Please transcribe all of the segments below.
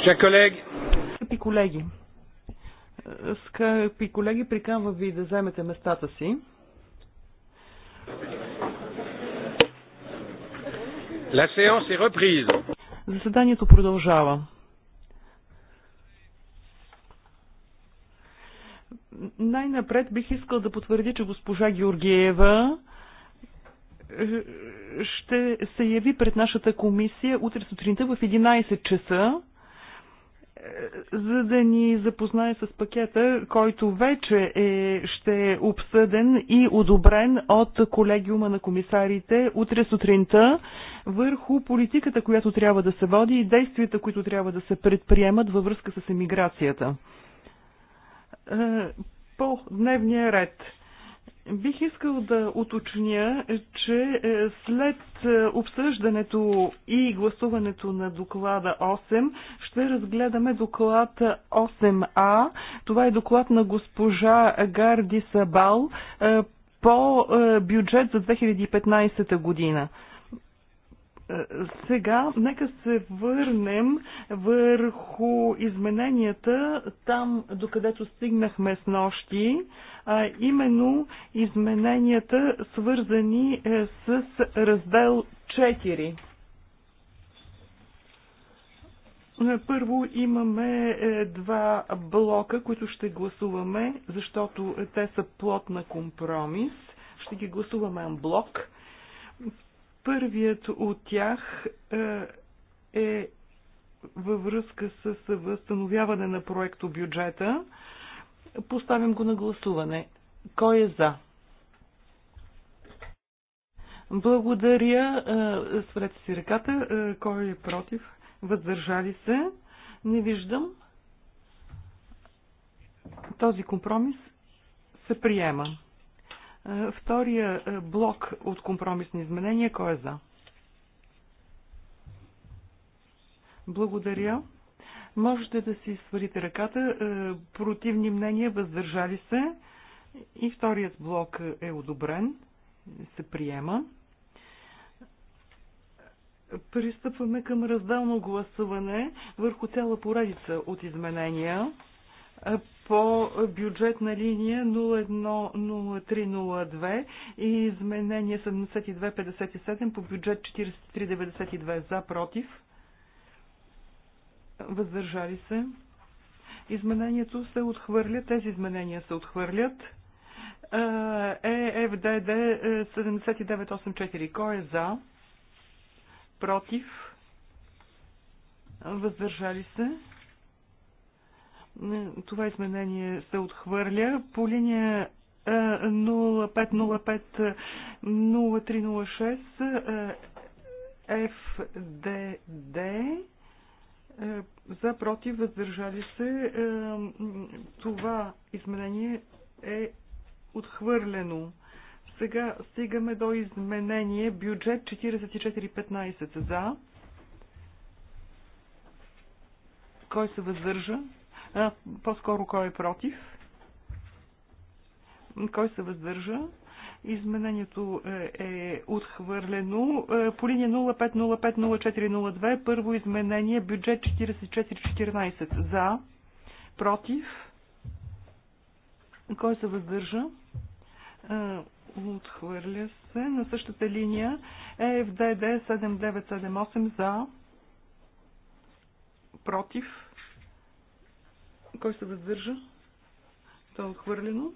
Скъпи колеги. Скъпи колеги, скъпи колеги, приканвам ви да вземете местата си. La séance est reprise. Заседанието продължава. Най-напред бих искал да потвърди, че госпожа Георгиева е, ще се яви пред нашата комисия утре сутринта в 11 часа за да ни запознае с пакета, който вече е, ще е обсъден и одобрен от колегиума на комисарите утре сутринта върху политиката, която трябва да се води и действията, които трябва да се предприемат във връзка с емиграцията. Е, по дневния ред. Бих искал да уточня, че е, след е, обсъждането и гласуването на доклада 8 ще разгледаме доклад 8А. Това е доклад на госпожа Гарди Сабал е, по бюджет за 2015 година. Сега нека се върнем върху измененията там, докъдето стигнахме с нощи, а именно измененията свързани е, с раздел 4. Първо имаме е, два блока, които ще гласуваме, защото те са плод на компромис. Ще ги гласуваме блок. блок Първият от тях е, е във връзка с възстановяване на проекто бюджета. Поставям го на гласуване. Кой е за? Благодаря. Е, Сврете си ръката. Е, кой е против? Въздържали се? Не виждам. Този компромис се приема. Втория блок от компромисни изменения, кой е за? Благодаря. Можете да си свалите ръката. Противни мнения, въздържали се. И вторият блок е одобрен. Се приема. Пристъпваме към разделно гласуване върху цяла поредица от изменения по бюджетна линия 010302 и изменение 7257 по бюджет 4392 за против. Въздържали се. Изменението се отхвърля. Тези изменения се отхвърлят. ЕФДД 7984. Кой е за? Против? Въздържали се? това изменение се отхвърля. По линия 0505-0306 FDD за против въздържали се. Това изменение е отхвърлено. Сега стигаме до изменение бюджет 4415 за. Кой се въздържа? По-скоро кой е против? Кой се въздържа? Изменението е, е отхвърлено. Е, по линия 05050402 първо изменение бюджет 4414 за, против, кой се въздържа? Е, отхвърля се. На същата линия ЕФДД 7978 за, против, кой се въздържа? То е отхвърлено.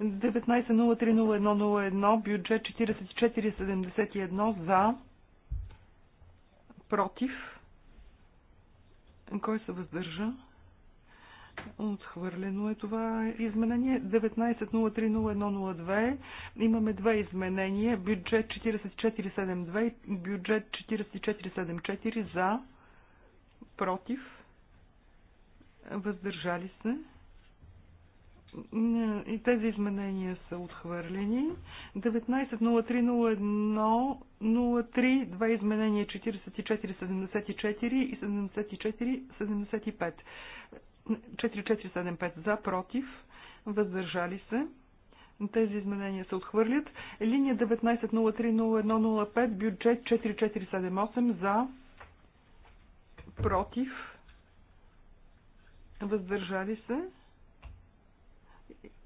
19.03.01.01, бюджет 44.71, за, против, кой се въздържа? Отхвърлено е това изменение. 19.03.01.02. Имаме две изменения. Бюджет 44.72 и бюджет 44.74 за, против въздържали се. И тези изменения са отхвърлени. 19.03.01.03, два изменения 44.74 и 74.75. 4475 за, против, въздържали се. Тези изменения се отхвърлят. Линия 19.03.01.05, бюджет 4478 за, против, въздържали се.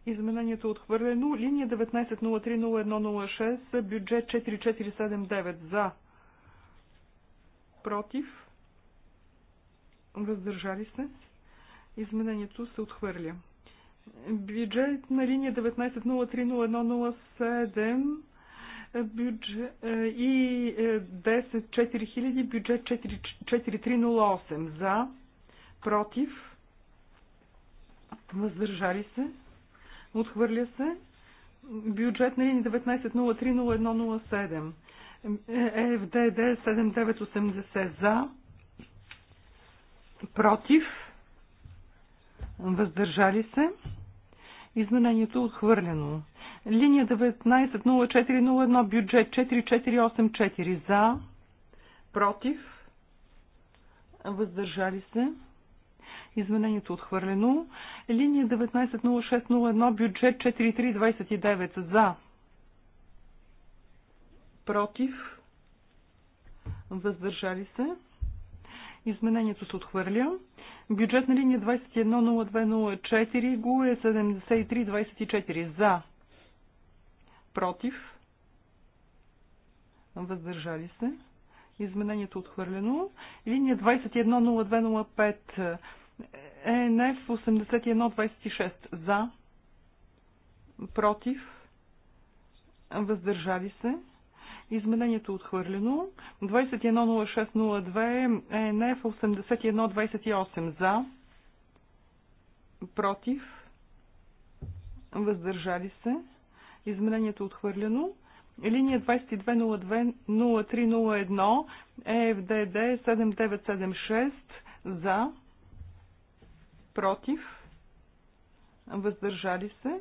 Изменението е отхвърлено. Линия 19030106, бюджет 4479 за, против, въздържали се. Изменението се отхвърля. Бюджет на линия 19030107 е, е, бюджет, и 10 4000, бюджет 4308 за, против, въздържали се, отхвърля се. Бюджет на 19030107. ЕФДД 7980 за, против, въздържали се. Изменението е отхвърлено. Линия 190401 бюджет 4484 за, против, въздържали се. Изменението е отхвърлено. Линия 190601, бюджет 4329 за. Против. Въздържали се. Изменението се отхвърля. Бюджет на линия 210204 го е 7324 за. Против. Въздържали се. Изменението е отхвърлено. Линия 210205 ЕНФ 8126 за, против, въздържали се. Изменението е отхвърлено. 210602 ЕНФ 8128 за, против, въздържали се. Изменението е отхвърлено. Линия 2202-0301 ЕФДД 7976 за, против, въздържали се.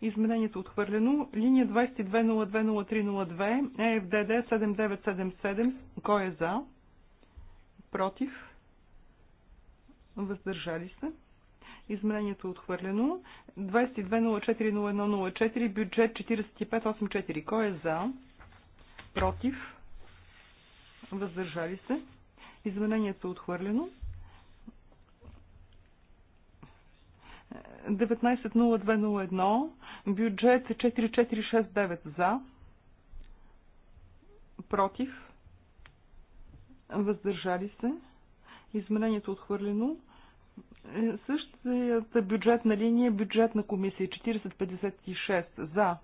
Изменението е отхвърлено. Линия 22020302 ЕФДД 7977. Кой е за? Против? Въздържали се. Изменението е отхвърлено. 22040104 бюджет 4584. Кой е за? Против? Въздържали се. Изменението е отхвърлено. 190201, бюджет 4469 за, против, въздържали се, изменението отхвърлено. Е, Същата бюджетна линия, е бюджетна комисия 4056 за,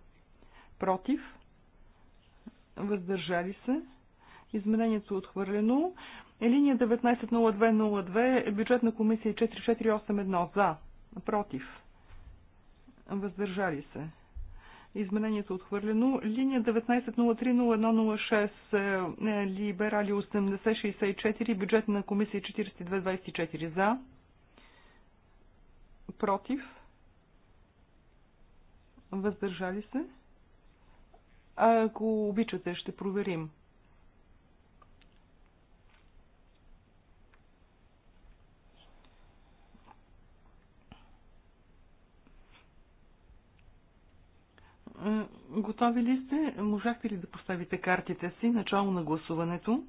против, въздържали се, изменението отхвърлено. Линия 190202, е бюджетна комисия 4481 за, против, въздържали се. Изменението е отхвърлено. Линия 1903-0106, е, е, либерали 8064, бюджет на комисия 4224 за, против, въздържали се. Ако обичате, ще проверим. Готови ли сте? Можахте ли да поставите картите си? Начало на гласуването.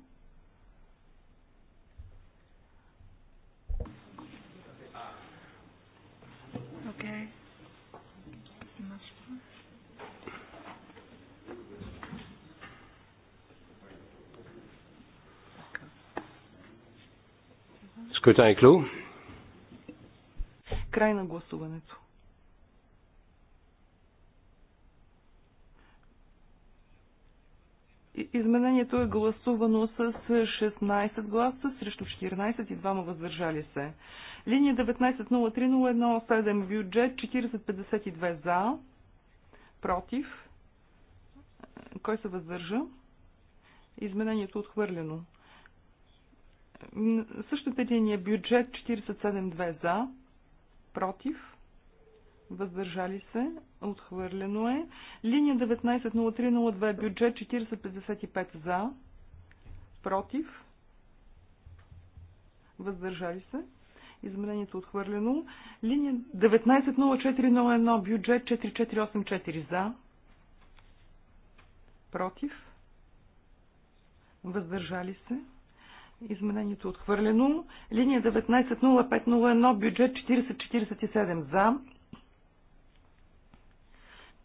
Okay. Скрутен е клю. Край на гласуването. Изменението е гласувано с 16 гласа срещу 14 и 2 въздържали се. Линия 1903017. бюджет 4052 за, против, кой се въздържа? Изменението е отхвърлено. Същата линия бюджет 472 за, против, въздържали се, Отхвърлено е. Линия 190302 бюджет 4055 за. Против. Въздържали се. Изменението е отхвърлено. Линия 190401 бюджет 4484 за. Против. Въздържали се. Изменението е отхвърлено. Линия 190501 бюджет 4047 за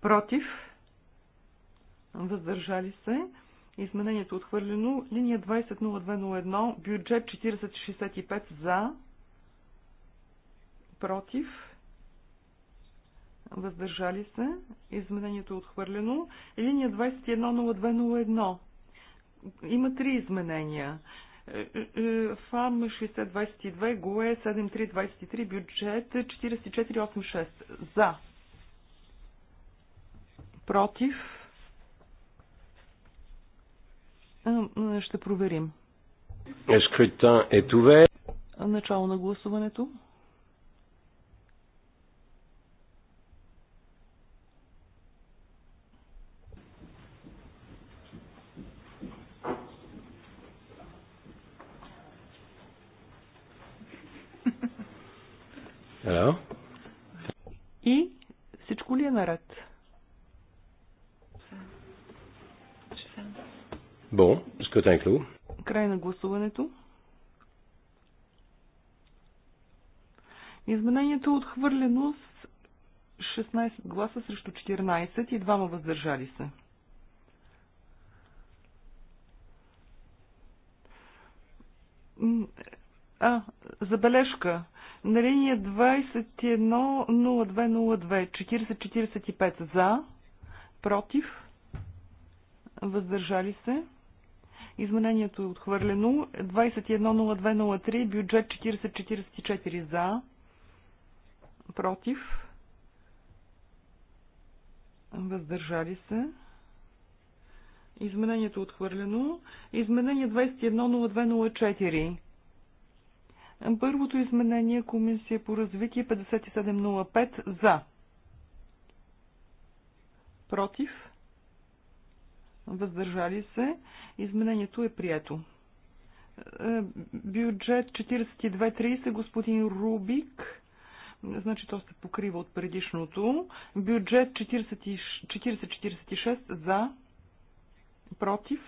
против, въздържали се, изменението е отхвърлено, линия 200201, бюджет 4065 за, против, въздържали се, изменението е отхвърлено, линия 210201. Има три изменения. Е, ФАМ 6022, ГОЕ 7323, бюджет 4486. За против. Ще проверим. Скрутин е увер. Начало на гласуването. Hello? И всичко ли е наред? Бон, скътен клуб. Край на гласуването. Изменението е отхвърлено с 16 гласа срещу 14 и двама въздържали се. А, забележка. На линия 210202. 4045 40-45 за, против, въздържали се. Изменението е отхвърлено. 210203, бюджет 4044 за. Против. Въздържали се. Изменението е отхвърлено. Изменение 210204. Първото изменение е Комисия по развитие 5705 за. Против въздържали се, изменението е прието. Е, бюджет 4230, господин Рубик, значи то се покрива от предишното. Бюджет 4046 за, против,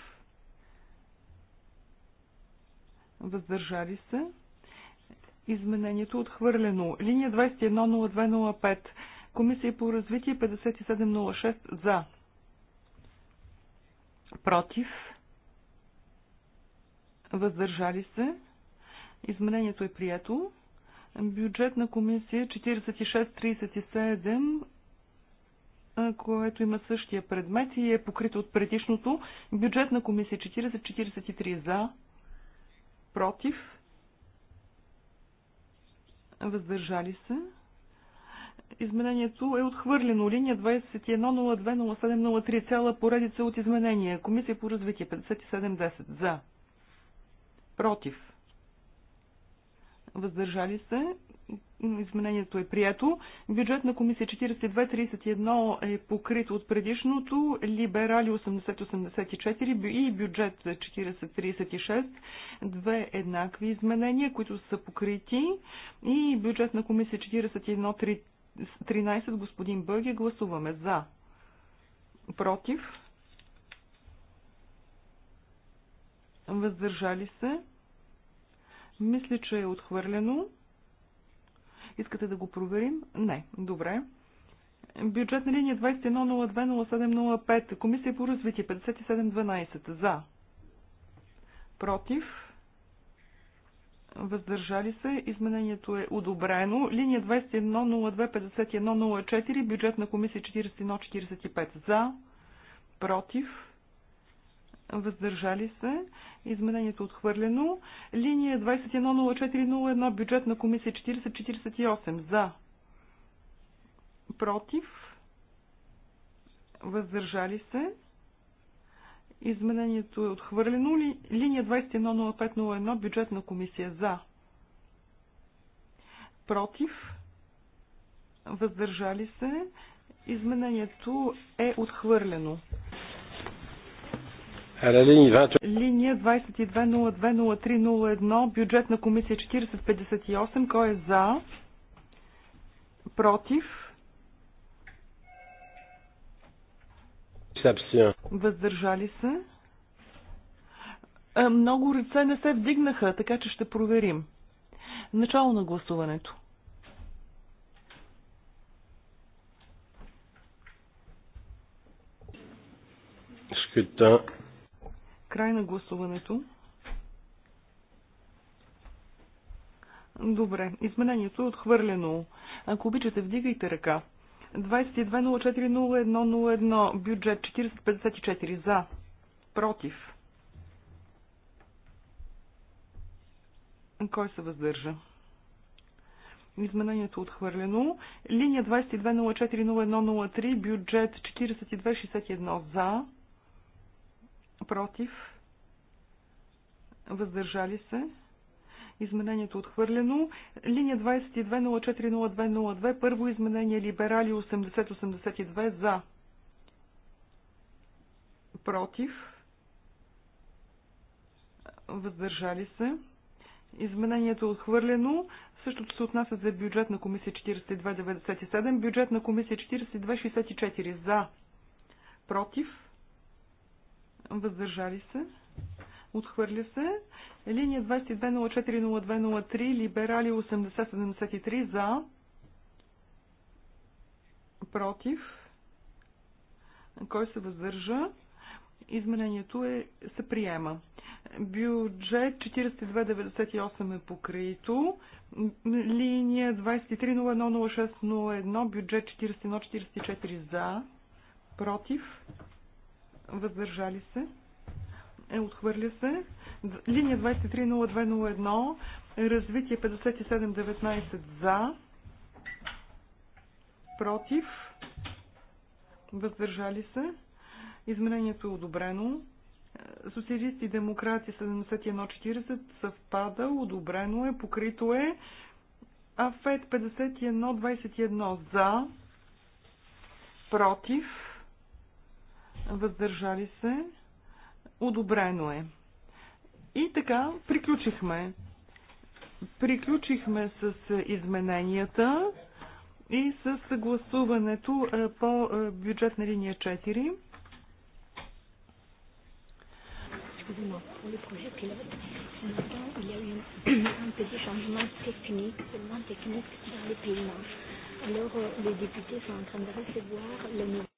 въздържали се. Изменението е отхвърлено. Линия 210205. Комисия по развитие 5706 за против, въздържали се, изменението е прието. Бюджет на комисия 4637 което има същия предмет и е покрито от предишното. Бюджет на комисия 40-43 за, против, въздържали се. Изменението е отхвърлено. Линия 21020703 цяла поредица от изменения. Комисия по развитие 5710. За. Против. Въздържали се. Изменението е прието. Бюджет на комисия 4231 е покрит от предишното. Либерали 8084 и бюджет 4036. Две еднакви изменения, които са покрити. И бюджет на комисия 4133 13 господин Бърги, Гласуваме за. Против. Въздържали се. Мисля, че е отхвърлено. Искате да го проверим? Не. Добре. Бюджетна линия 21020705. Комисия по развитие 5712. За. Против въздържали се. Изменението е одобрено. Линия 21025104, бюджет на комисия 4145 за, против, въздържали се. Изменението е отхвърлено. Линия 210401, бюджет на комисия 4048 за, против, въздържали се. Изменението е отхвърлено. Ли, линия 210501, бюджетна комисия за. Против. Въздържали се. Изменението е отхвърлено. Линия 22020301, бюджетна комисия 4058, кой е за? Против Въздържали се. Е, много ръце не се вдигнаха, така че ще проверим. Начало на гласуването. Шкета. Край на гласуването. Добре, изменението е отхвърлено. Ако обичате, вдигайте ръка. 22040101, бюджет 454 за, против. Кой се въздържа? Изменението е отхвърлено. Линия 22040103, бюджет 4261 за, против, въздържали се. Изменението е отхвърлено. Линия 22040202. Първо изменение либерали 8082 за. Против. Въздържали се. Изменението е отхвърлено. Същото се отнася за бюджет на комисия 4297. Бюджет на комисия 4264 за. Против. Въздържали се. Отхвърля се. Линия 22040203, либерали 8073 за, против, кой се въздържа. Изменението е, се приема. Бюджет 4298 е покрито. Линия 23010601, бюджет 4144 за, против, въздържали се е отхвърля се. Линия 230201, развитие 5719 за, против, въздържали се. Изменението е одобрено. Социалисти и демократи 7140 съвпада, одобрено е, покрито е. Афет 5121 за, против, въздържали се одобрено е. И така, приключихме. Приключихме с измененията и с съгласуването по бюджетна линия 4. Alors, euh, les députés sont en train de recevoir le nouveau.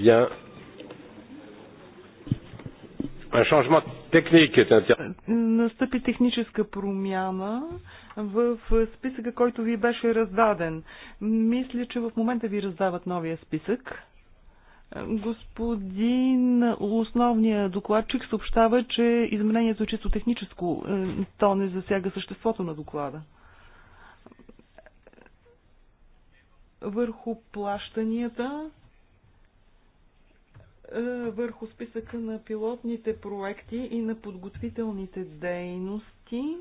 Bien. Un changement technique est Настъпи техническа промяна в списъка, който ви беше раздаден. Мисля, че в момента ви раздават новия списък. Господин основния докладчик съобщава, че изменението е чисто техническо. Е, то не засяга съществото на доклада. Върху плащанията е, върху списъка на пилотните проекти и на подготвителните дейности.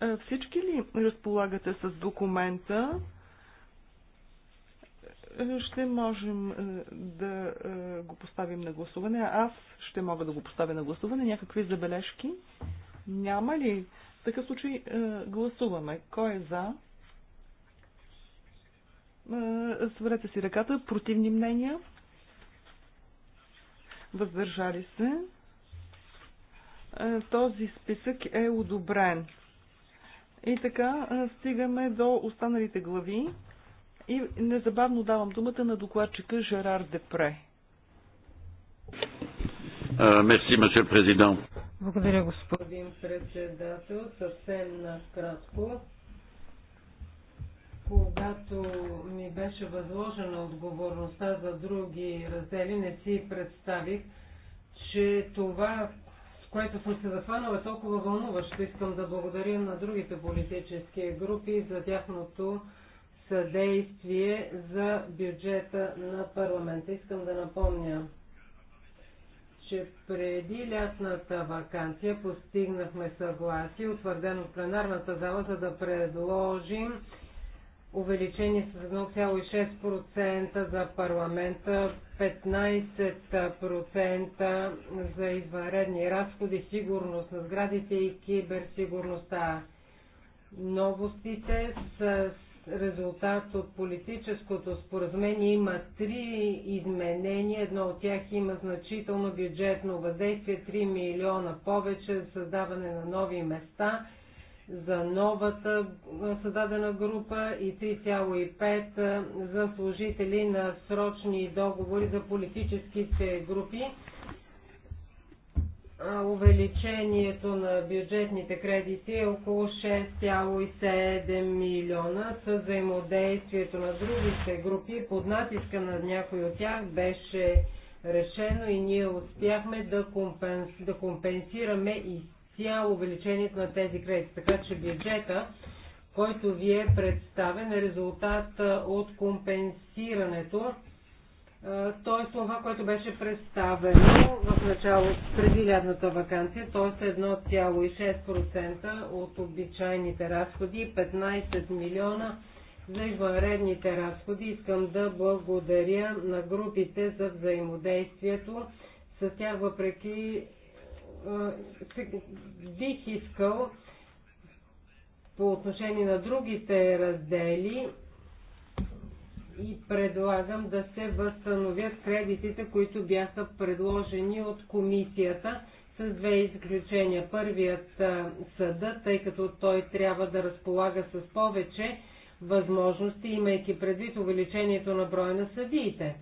Е, всички ли разполагате с документа? Е, ще можем да го поставим на гласуване. Аз ще мога да го поставя на гласуване. Някакви забележки? Няма ли? В такъв случай гласуваме. Кой е за? Сварете си ръката. Противни мнения? въздържали се. Е, този списък е одобрен. И така е, стигаме до останалите глави и незабавно давам думата на докладчика Жерар Депре. Е, мерси, мастер президент. Благодаря, господин председател. Съвсем накратко. Когато ми беше възложена отговорността за други раздели, не си представих, че това, с което съм се захванала, е толкова вълнуващо. Искам да благодаря на другите политически групи за тяхното съдействие за бюджета на парламента. Искам да напомня, че преди лятната вакансия постигнахме съгласие, утвърдено в пленарната зала, за да предложим увеличение с 1,6% за парламента, 15% за извънредни разходи, сигурност на сградите и киберсигурността. Новостите с резултат от политическото споразумение има три изменения. Едно от тях има значително бюджетно въздействие, 3 милиона повече за създаване на нови места – за новата създадена група и 3,5 за служители на срочни договори за политическите групи. Увеличението на бюджетните кредити е около 6,7 милиона. С взаимодействието на другите групи под натиска на някой от тях беше решено и ние успяхме да, да компенсираме и изцяло увеличението на тези кредити. Така че бюджета, който ви е представен, е резултат от компенсирането т.е. това, което беше представено в начало преди лядната вакансия, т.е. 1,6% от обичайните разходи, 15 милиона за извънредните разходи. Искам да благодаря на групите за взаимодействието. С тях, въпреки е, е, бих искал по отношение на другите раздели и предлагам да се възстановят кредитите, които бяха предложени от комисията с две изключения. Първият е, съда, тъй като той трябва да разполага с повече възможности, имайки предвид увеличението на броя на съдиите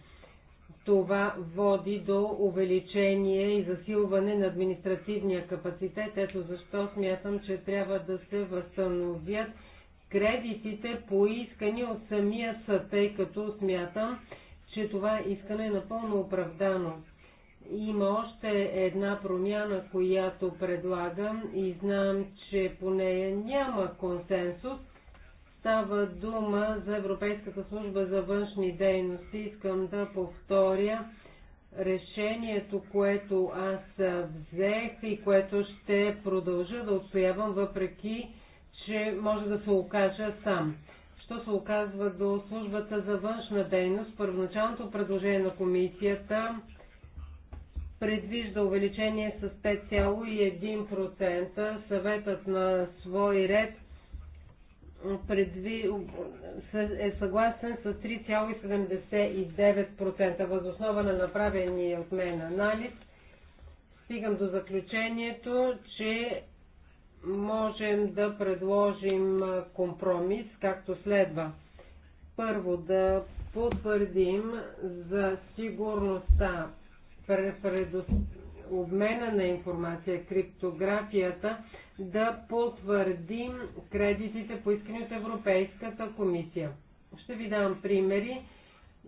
това води до увеличение и засилване на административния капацитет. Ето защо смятам, че трябва да се възстановят кредитите поискани от самия съд, тъй като смятам, че това искане е напълно оправдано. Има още една промяна, която предлагам и знам, че по нея няма консенсус Става дума за Европейската служба за външни дейности. Искам да повторя решението, което аз взех и което ще продължа да отстоявам, въпреки че може да се окажа сам. Що се оказва до службата за външна дейност, първоначалното предложение на комисията предвижда увеличение с 5,1%. Съветът на свой ред предви, е съгласен с 3,79%. Възоснова на направения от мен анализ стигам до заключението, че можем да предложим компромис, както следва. Първо да потвърдим за сигурността пред обмена на информация, криптографията, да потвърдим кредитите поискани от Европейската комисия. Ще ви дам примери.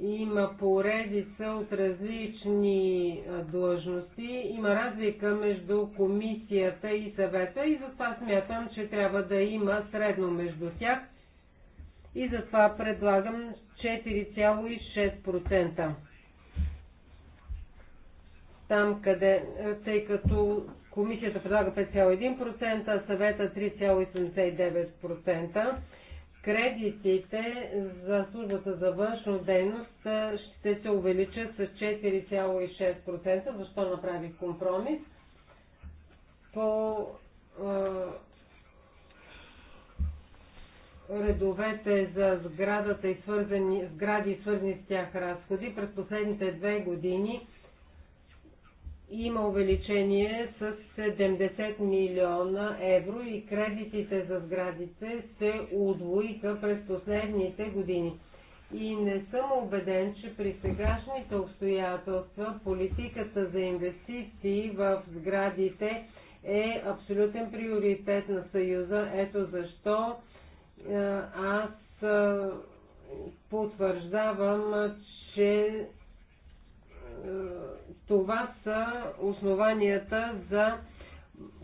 Има поредица от различни длъжности. Има разлика между комисията и съвета и затова смятам, че трябва да има средно между тях. И затова предлагам 4,6% там, къде, тъй като Комисията предлага 5,1%, съвета 3,79%. Кредитите за службата за външна дейност ще се увеличат с 4,6%. Защо направих компромис? По редовете за сградата и свързани, сгради и свързани с тях разходи през последните две години – има увеличение с 70 милиона евро и кредитите за сградите се удвоиха през последните години. И не съм убеден, че при сегашните обстоятелства политиката за инвестиции в сградите е абсолютен приоритет на Съюза. Ето защо е, аз е, потвърждавам, че това са основанията за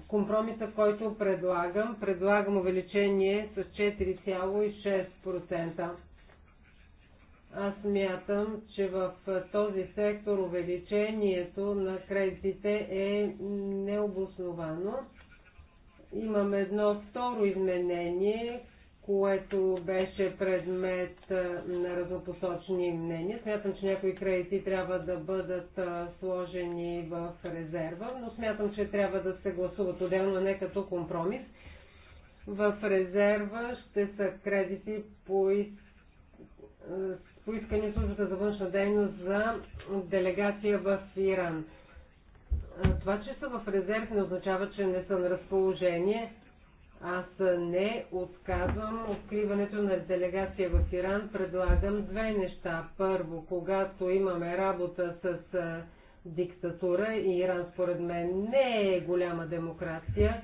компромиса, който предлагам. Предлагам увеличение с 4,6%. Аз мятам, че в този сектор увеличението на кредитите е необосновано. Имам едно второ изменение, което беше предмет на разнопосочни мнения. Смятам, че някои кредити трябва да бъдат сложени в резерва, но смятам, че трябва да се гласуват отделно, не като компромис. В резерва ще са кредити по поискани службата за външна дейност за делегация в Иран. Това, че са в резерв, не означава, че не са на разположение. Аз не отказвам откриването на делегация в Иран. Предлагам две неща. Първо, когато имаме работа с диктатура и Иран според мен не е голяма демокрация,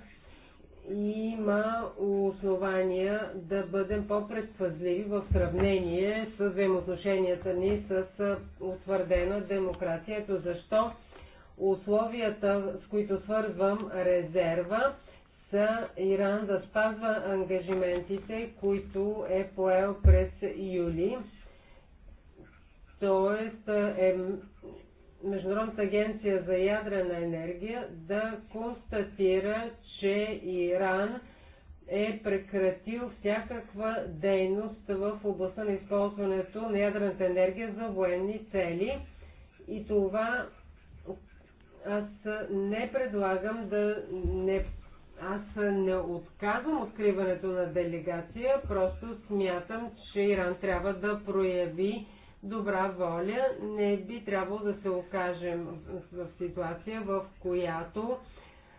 има основания да бъдем по-предпазливи в сравнение с взаимоотношенията ни с утвърдена демокрация. Ето защо условията, с които свързвам резерва, за Иран да спазва ангажиментите, които е поел през юли. Тоест е Международната агенция за ядрена енергия да констатира, че Иран е прекратил всякаква дейност в областта на използването на ядрената енергия за военни цели. И това аз не предлагам да не аз не отказвам откриването на делегация, просто смятам, че Иран трябва да прояви добра воля. Не би трябвало да се окажем в ситуация, в която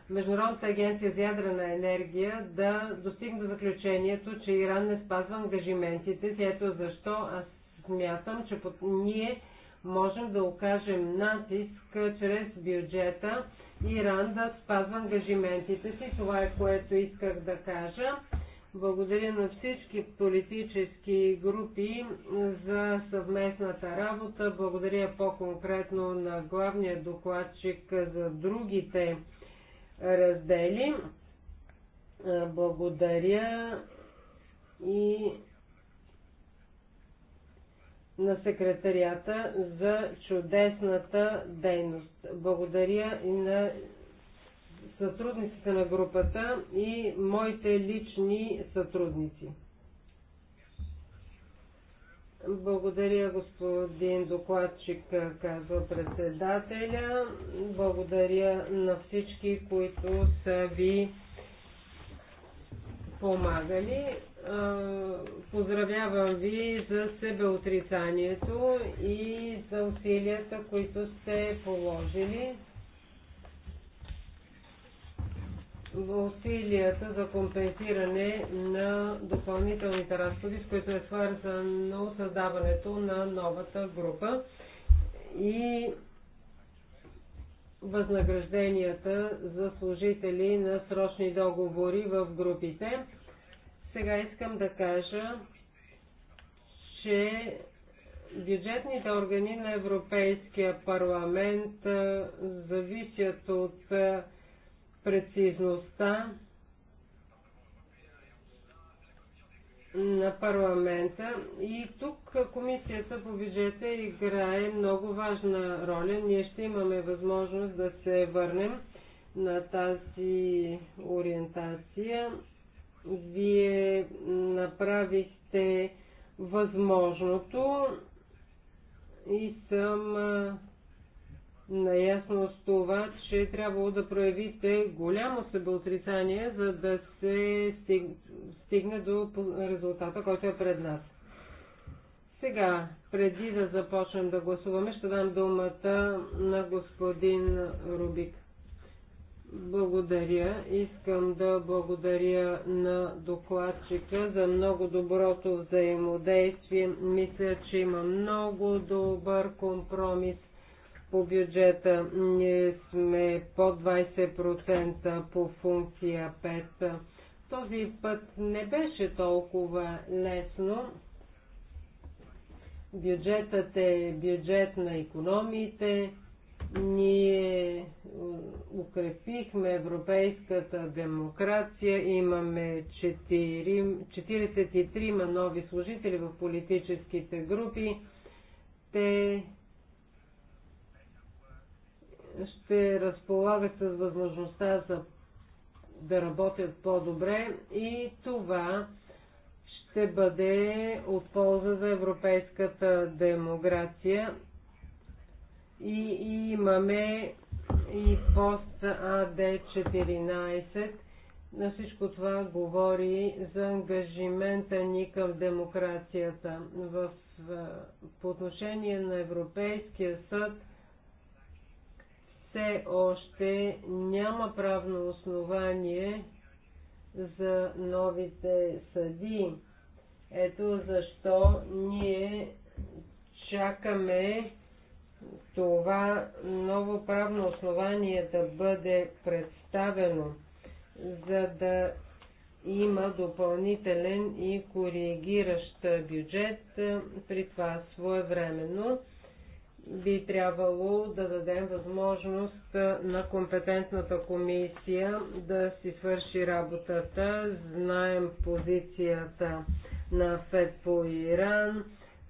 Международната агенция за ядрена енергия да достигне до заключението, че Иран не спазва ангажиментите си. Ето защо аз смятам, че под... ние можем да окажем натиск чрез бюджета Иран да спазва ангажиментите си. Това е което исках да кажа. Благодаря на всички политически групи за съвместната работа. Благодаря по-конкретно на главния докладчик за другите раздели. Благодаря и на секретарията за чудесната дейност. Благодаря и на сътрудниците на групата и моите лични сътрудници. Благодаря, господин докладчик, казва председателя. Благодаря на всички, които са ви помагали. Поздравявам ви за себеотрицанието и за усилията, които сте положили. усилията за компенсиране на допълнителните разходи, с които е свързано създаването на новата група и възнагражденията за служители на срочни договори в групите. Сега искам да кажа, че бюджетните органи на Европейския парламент зависят от прецизността на парламента. И тук Комисията по бюджета играе много важна роля. Ние ще имаме възможност да се върнем на тази ориентация вие направихте възможното и съм наясно с това, че трябвало да проявите голямо себеотрицание, за да се стигне до резултата, който е пред нас. Сега, преди да започнем да гласуваме, ще дам думата на господин Рубик. Благодаря. Искам да благодаря на докладчика за много доброто взаимодействие. Мисля, че има много добър компромис по бюджета. Ние сме по 20% по функция 5. Този път не беше толкова лесно. Бюджетът е бюджет на економиите, ние укрепихме европейската демокрация, имаме 4, 43 нови служители в политическите групи. Те ще разполагат с възможността за да работят по-добре и това ще бъде от полза за европейската демокрация и имаме и пост АД-14. На всичко това говори за ангажимента ни към демокрацията. В, по отношение на Европейския съд все още няма правно основание за новите съди. Ето защо ние чакаме това ново правно основание да бъде представено, за да има допълнителен и коригиращ бюджет, при това своевременно би трябвало да дадем възможност на компетентната комисия да си свърши работата. Знаем позицията на ФЕД по Иран,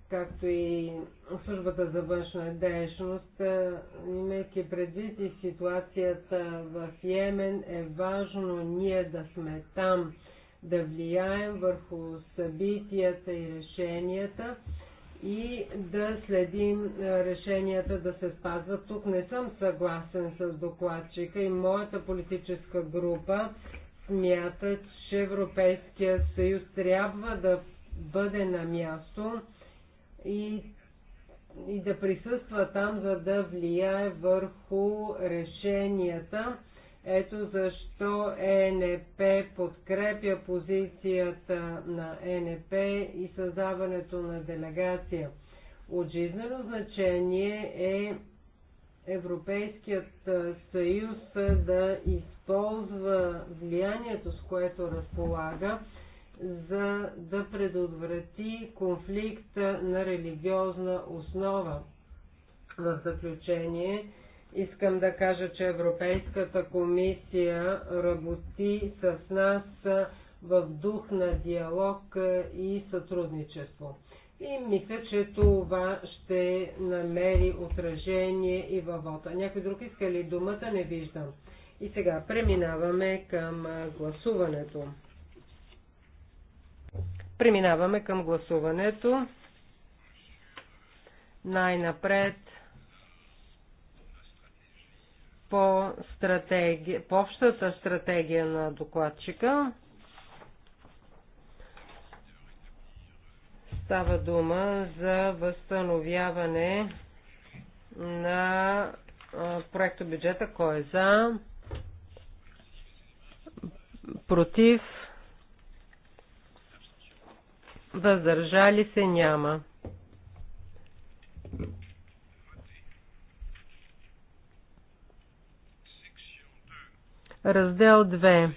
както и службата за външна дейност, е, имайки предвид и ситуацията в Йемен, е важно ние да сме там, да влияем върху събитията и решенията и да следим е, решенията да се спазват. Тук не съм съгласен с докладчика и моята политическа група смята, че Европейския съюз трябва да бъде на място и, и да присъства там, за да влияе върху решенията. Ето защо ЕНП подкрепя позицията на ЕНП и създаването на делегация. От жизнено значение е Европейският съюз да използва влиянието, с което разполага, за да предотврати конфликт на религиозна основа. В заключение, искам да кажа, че Европейската комисия работи с нас в дух на диалог и сътрудничество. И мисля, че това ще намери отражение и във вода. Някой друг иска ли думата? Не виждам. И сега преминаваме към гласуването. Преминаваме към гласуването. Най-напред по, по общата стратегия на докладчика става дума за възстановяване на проекто бюджета. Кой е за? Против? въздържали се няма. Раздел 2.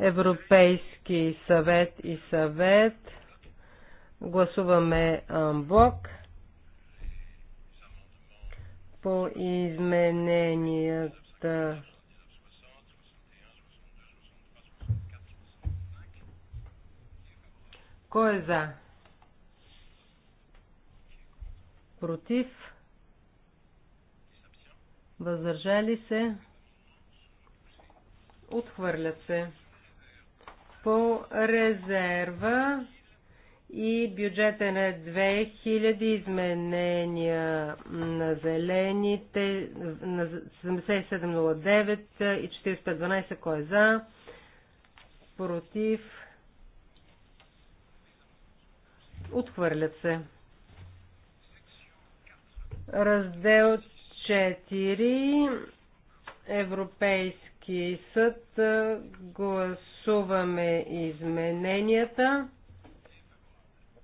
Европейски съвет и съвет. Гласуваме Амбок по измененията Кой е за? Против? Възържали се? Отхвърлят се. По резерва и бюджета на 2000 изменения на зелените на 7709 и 412. кой е за против Отхвърлят се. Раздел 4. Европейски съд. Гласуваме измененията.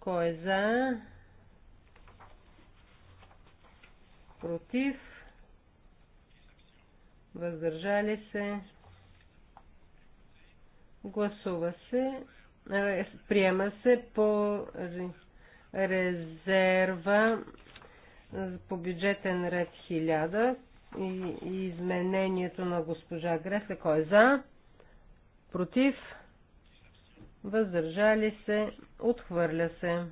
Кой е за? Против? Въздържали се? Гласува се. Приема се по резерва по бюджетен ред 1000 и изменението на госпожа Грефе. Кой е за? Против? Въздържали се? Отхвърля се.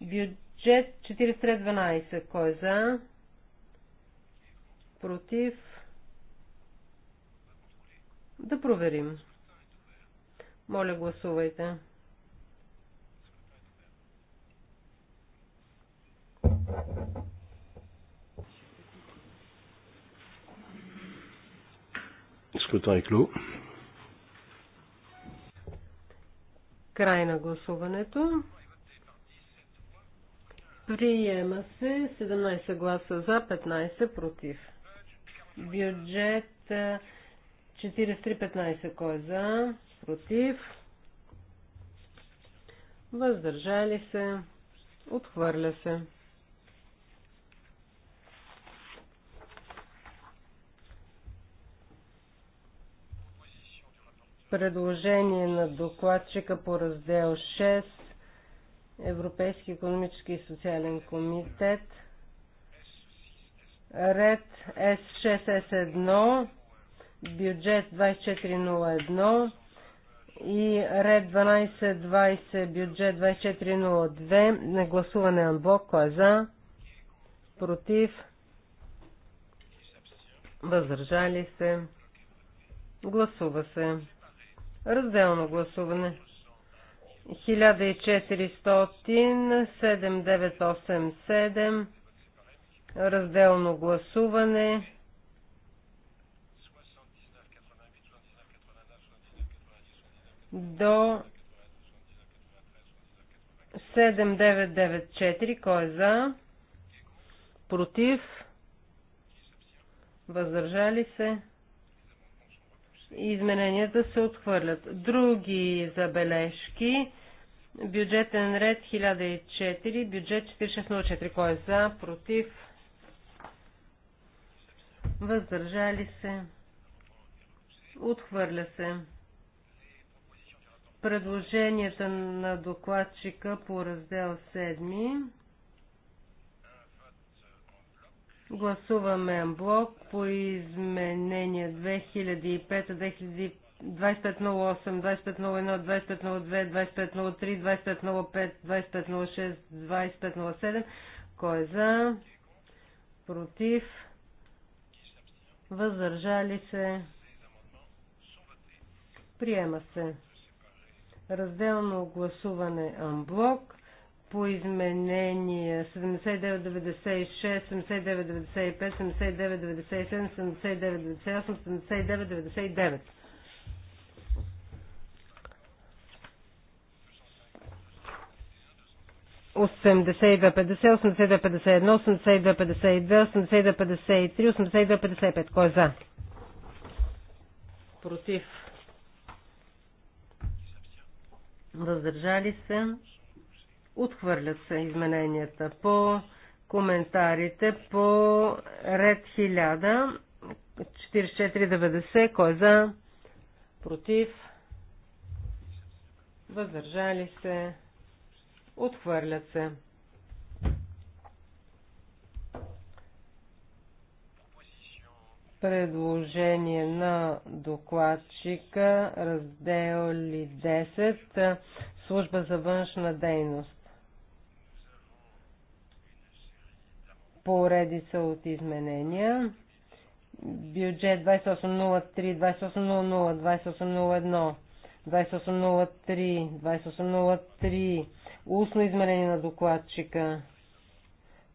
Бюджет 412, Кой е за? Против? Да проверим. Моля, гласувайте. Скрутен е клю. Край на гласуването. Приема се 17 гласа за, 15 против. Бюджет 43-15. Кой е за? против, въздържали се, отхвърля се. Предложение на докладчика по раздел 6 Европейски економически и социален комитет ред S6S1 бюджет 2401 и ред 1220 бюджет 2402 на гласуване анблок. Кой е за? Против? Въздържали се? Гласува се. Разделно гласуване. 1400-7987 разделно гласуване до 7994. Кой е за? Против? Въздържали се? Измененията се отхвърлят. Други забележки. Бюджетен ред 1004, бюджет 4604. Кой е за? Против? Въздържали се? Отхвърля се предложенията на докладчика по раздел 7. Гласуваме блок по изменения 2005, 2508, 2501, 2502, 2503, 2505, 2506, 2507. Кой е за? Против? Въздържали се? Приема се разделно гласуване Амблок по изменения 7996, 7995, 7997, 7998, 7999. Осемдесет и две петдесет, осемдесет и две петдесет едно, осемдесет и две петдесет и две, осемдесет и две петдесет и три, осемдесет и две петдесет и пет. Кой е за? Против. въздържали се, отхвърлят се измененията по коментарите по ред 1000, 4490, кой е за, против, въздържали се, отхвърлят се. предложение на докладчика, раздел ли 10, служба за външна дейност. Поредица от изменения. Бюджет 2803, 2800, 2801. 2803, 2803, устно измерение на докладчика,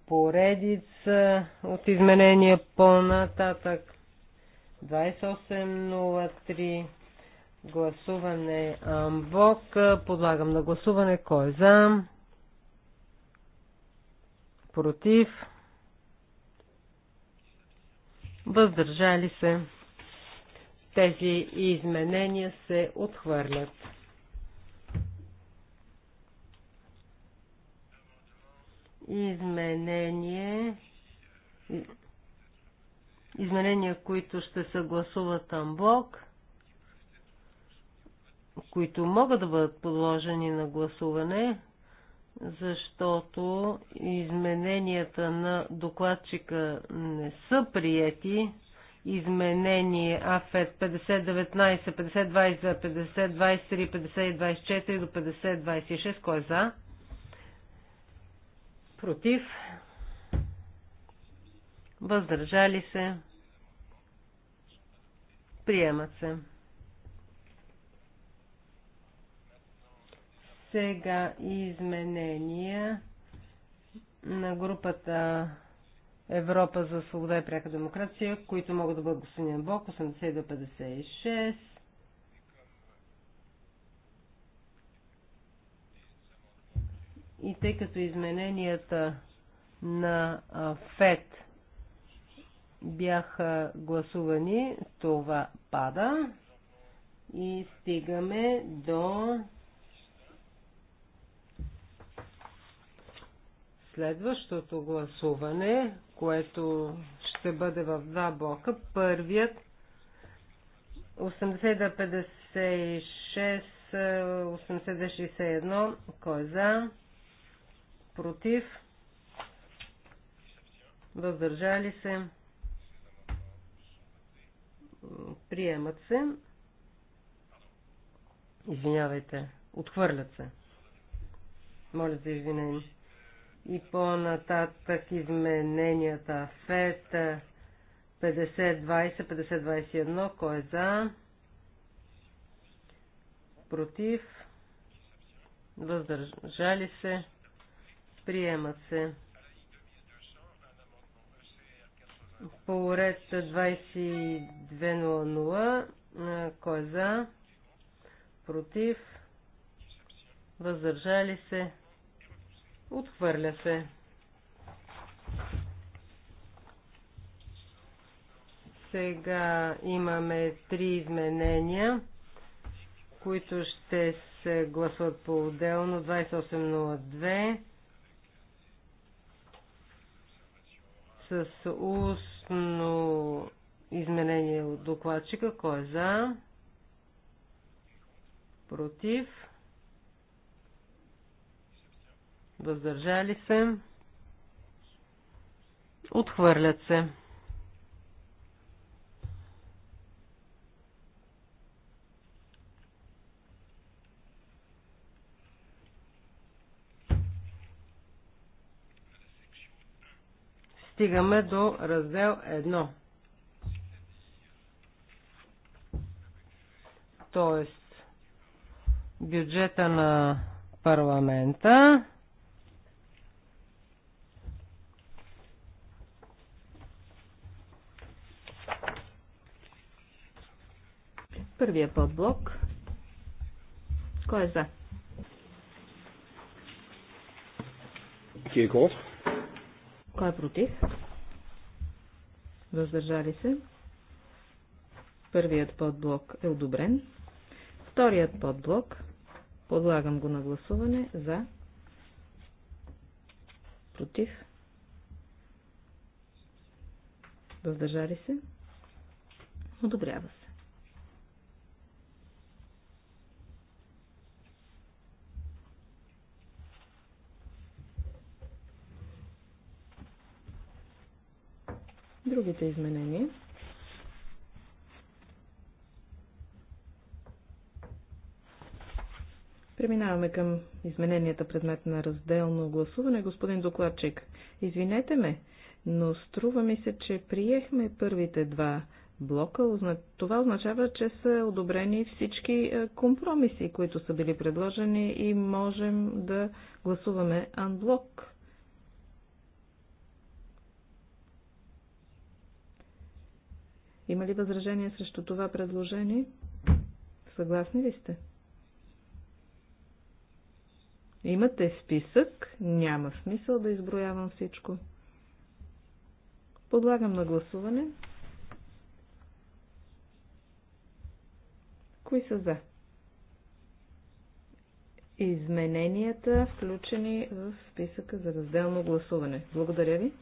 поредица от изменения по-нататък. 2803. Гласуване Амбок. Подлагам на гласуване. Кой е за? Против? Въздържали се. Тези изменения се отхвърлят. Изменение изменения, които ще се гласуват амблок, които могат да бъдат подложени на гласуване, защото измененията на докладчика не са приети. Изменение АФЕД 5019, 5022, 5023, 5024 до 5026. Кой е за? Против? въздържали се, приемат се. Сега изменения на групата Европа за свобода и пряка демокрация, които могат да бъдат господин Бог, 82-56. И тъй като измененията на ФЕД бяха гласувани, това пада и стигаме до следващото гласуване, което ще бъде в два блока. Първият 80 56 82-61, кой е за, против, въздържали се. Приемат се. Извинявайте. Отхвърлят се. Моля за извинение. И по-нататък измененията. ФЕТ 5020, 5021. Кой е за? Против? Въздържали се? Приемат се. по ред 2200. Кой е за? Против? Въздържали се? Отхвърля се. Сега имаме три изменения, които ще се гласуват по-отделно. 2802 с ус устно изменение от докладчика. Кой е за? Против? Въздържали се? Отхвърлят се. стигаме до раздел 1. Тоест, бюджета на парламента. Първия подблок. Кой е за? Кой е кой е против? Въздържали се. Първият подблок е одобрен. Вторият подблок. Подлагам го на гласуване за. Против. Въздържали се. Одобрява се. Другите изменения. Преминаваме към измененията предмет на разделно гласуване. Господин докладчик, извинете ме, но струва ми се, че приехме първите два блока. Това означава, че са одобрени всички е, компромиси, които са били предложени и можем да гласуваме анблок. Има ли възражение срещу това предложение? Съгласни ли сте? Имате списък, няма смисъл да изброявам всичко. Подлагам на гласуване. Кои са за? Измененията, включени в списъка за разделно гласуване. Благодаря ви.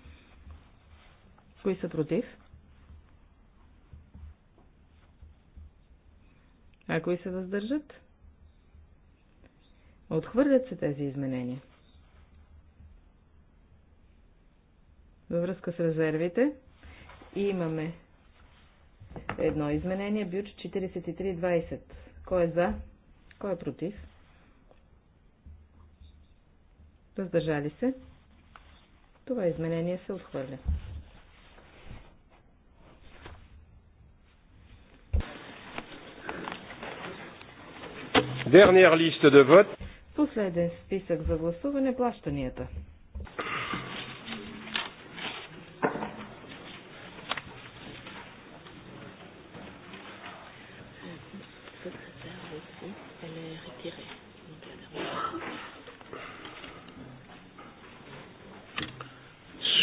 Кои са против? А кои се въздържат? Отхвърлят се тези изменения. Във връзка с резервите имаме едно изменение, бюч 4320. Кой е за? Кой е против? Въздържали се? Това изменение се отхвърля. Dernière liste de vote. Последен списък за гласуване плащанията.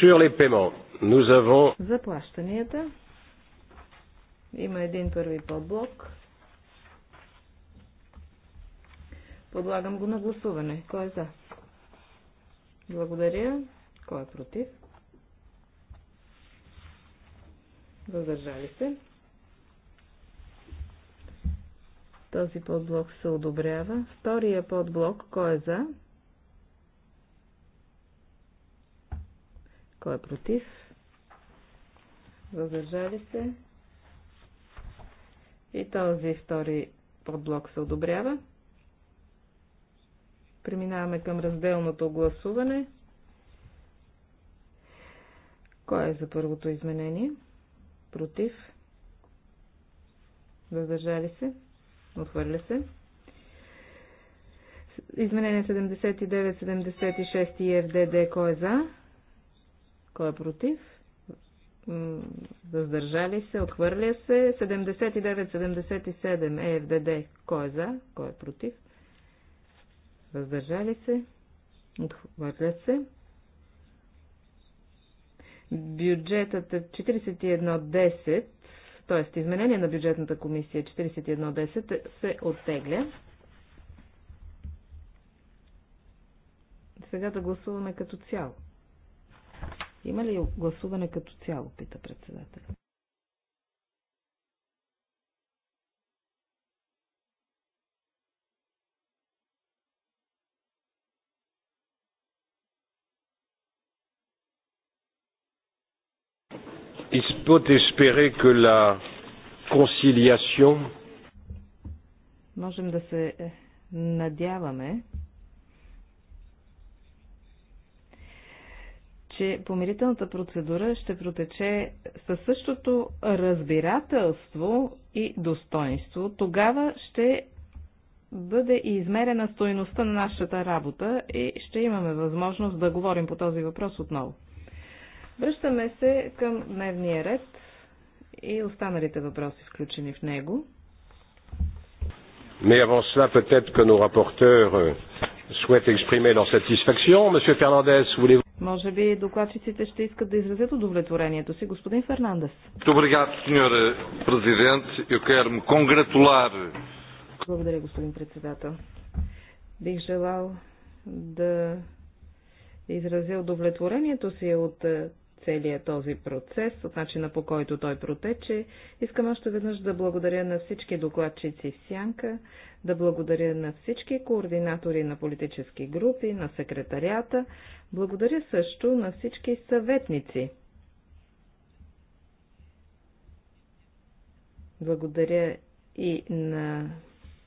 Sur les paiements, nous avons... За плащанията Има един първи подблок. Подлагам го на гласуване. Кой е за? Благодаря. Кой е против? Въздържали се. Този подблок се одобрява. Втория подблок, кой е за? Кой е против? Въздържали се. И този втори подблок се одобрява. Преминаваме към разделното гласуване. Кой е за първото изменение? Против? Въздържали се? Отхвърля се? Изменение 79, 76 и ФДД. Кой е за? Кой е против? Въздържали се? Отхвърля се? 79, 77 ЕФДД. Кой е за? Кой е против? въздържали се, отхвърля се. Бюджетът е 41.10, т.е. изменение на бюджетната комисия 41.10 се оттегля. Сега да гласуваме като цяло. Има ли гласуване като цяло, пита председателя. il peut espérer que la conciliation Можем да се е, надяваме, че помирителната процедура ще протече със същото разбирателство и достоинство. Тогава ще бъде и измерена стоеността на нашата работа и ще имаме възможност да говорим по този въпрос отново. Връщаме се към дневния ред и останалите въпроси, включени в него. Mais avant cela, peut-être que nos rapporteurs euh, souhaitent exprimer leur satisfaction. Monsieur Fernandez, voulez-vous... Може би докладчиците ще искат да изразят удовлетворението си. Господин Фернандес. Э, Благодаря, господин председател. Бих желал да изразя удовлетворението си от э, целият този процес, от начина по който той протече. Искам още веднъж да благодаря на всички докладчици в Сянка, да благодаря на всички координатори на политически групи, на секретарията, благодаря също на всички съветници. Благодаря и на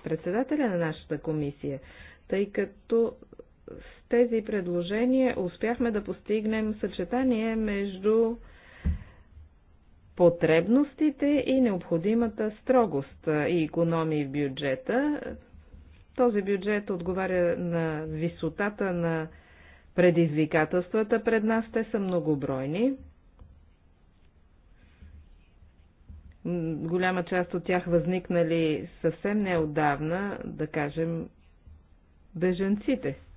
председателя на нашата комисия, тъй като тези предложения успяхме да постигнем съчетание между потребностите и необходимата строгост и економии в бюджета. Този бюджет отговаря на висотата на предизвикателствата пред нас. Те са многобройни. Голяма част от тях възникнали съвсем неодавна, да кажем, беженците –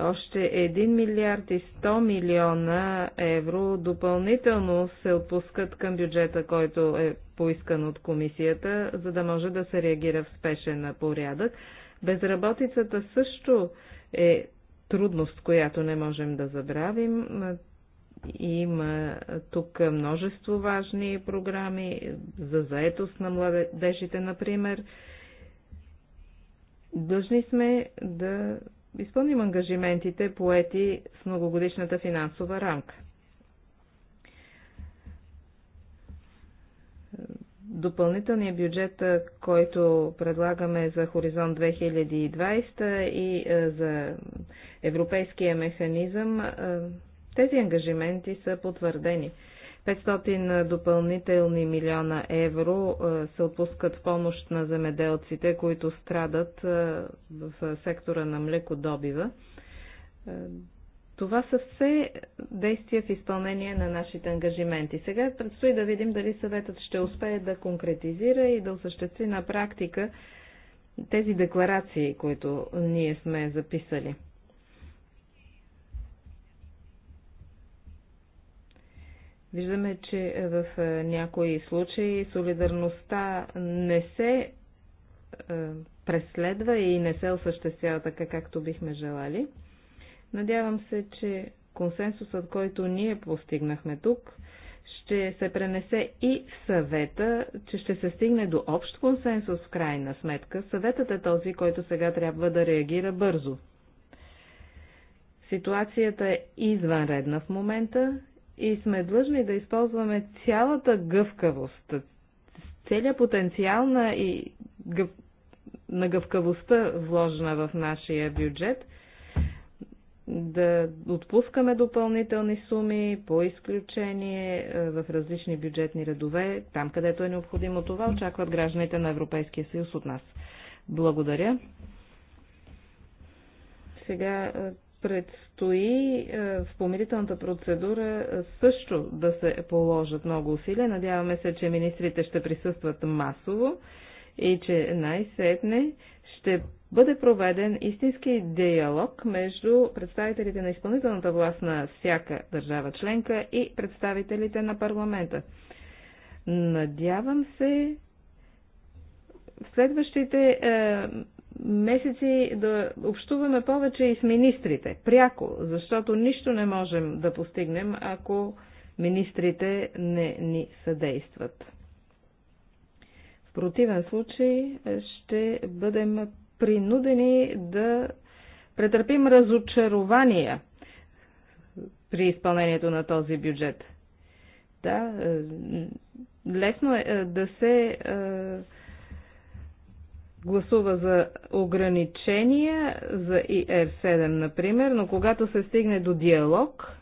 още 1 милиард и 100 милиона евро допълнително се отпускат към бюджета, който е поискан от комисията, за да може да се реагира в спешен порядък. Безработицата също е трудност, която не можем да забравим. Има тук множество важни програми за заетост на младежите, например. Дължни сме да изпълним ангажиментите поети с многогодишната финансова рамка. Допълнителният бюджет, който предлагаме за Хоризонт 2020 и за Европейския механизъм, тези ангажименти са потвърдени. 500 допълнителни милиона евро е, се отпускат в помощ на земеделците, които страдат е, в сектора на млекодобива. Е, това са все действия в изпълнение на нашите ангажименти. Сега предстои да видим дали съветът ще успее да конкретизира и да осъществи на практика тези декларации, които ние сме записали. Виждаме, че в е, някои случаи солидарността не се е, преследва и не се осъществява така, както бихме желали. Надявам се, че консенсусът, който ние постигнахме тук, ще се пренесе и в съвета, че ще се стигне до общ консенсус в крайна сметка. Съветът е този, който сега трябва да реагира бързо. Ситуацията е извънредна в момента и сме длъжни да използваме цялата гъвкавост, целият потенциал на, и, гъв, на гъвкавостта, вложена в нашия бюджет, да отпускаме допълнителни суми по изключение е, в различни бюджетни редове, там където е необходимо това, очакват гражданите на Европейския съюз от нас. Благодаря. Сега е, Предстои е, в помирителната процедура е, също да се положат много усилия. Надяваме се, че министрите ще присъстват масово и че най-сетне ще бъде проведен истински диалог между представителите на изпълнителната власт на всяка държава членка и представителите на парламента. Надявам се в следващите е, месеци да общуваме повече и с министрите, пряко, защото нищо не можем да постигнем, ако министрите не ни съдействат. В противен случай е, ще бъдем принудени да претърпим разочарования при изпълнението на този бюджет. Да, е, лесно е, е да се гласува за ограничения за ИР-7, например, но когато се стигне до диалог,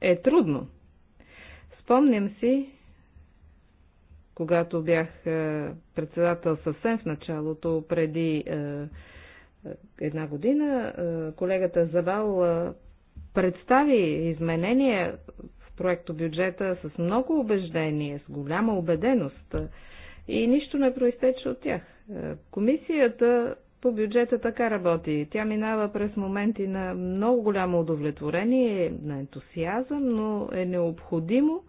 е трудно. Спомням си, когато бях е, председател съвсем в началото, преди е, е, една година, колегата Завал представи изменения в проекто бюджета с много убеждение, с голяма убеденост и нищо не проистече от тях. Комисията по бюджета така работи. Тя минава през моменти на много голямо удовлетворение, на ентусиазъм, но е необходимо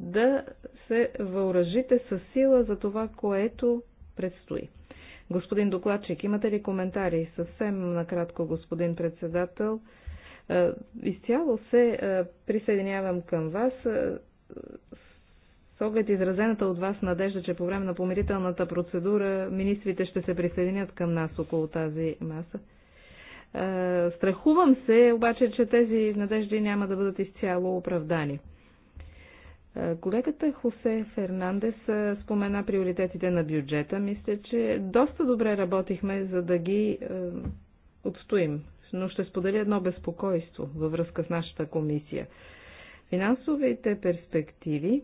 да се въоръжите с сила за това, което предстои. Господин докладчик, имате ли коментари? Съвсем накратко, господин председател. Е, изцяло се е, присъединявам към вас е, оглед изразената от вас надежда, че по време на помирителната процедура министрите ще се присъединят към нас около тази маса, страхувам се обаче, че тези надежди няма да бъдат изцяло оправдани. Колегата Хосе Фернандес спомена приоритетите на бюджета. Мисля, че доста добре работихме, за да ги отстоим. Но ще споделя едно безпокойство във връзка с нашата комисия. Финансовите перспективи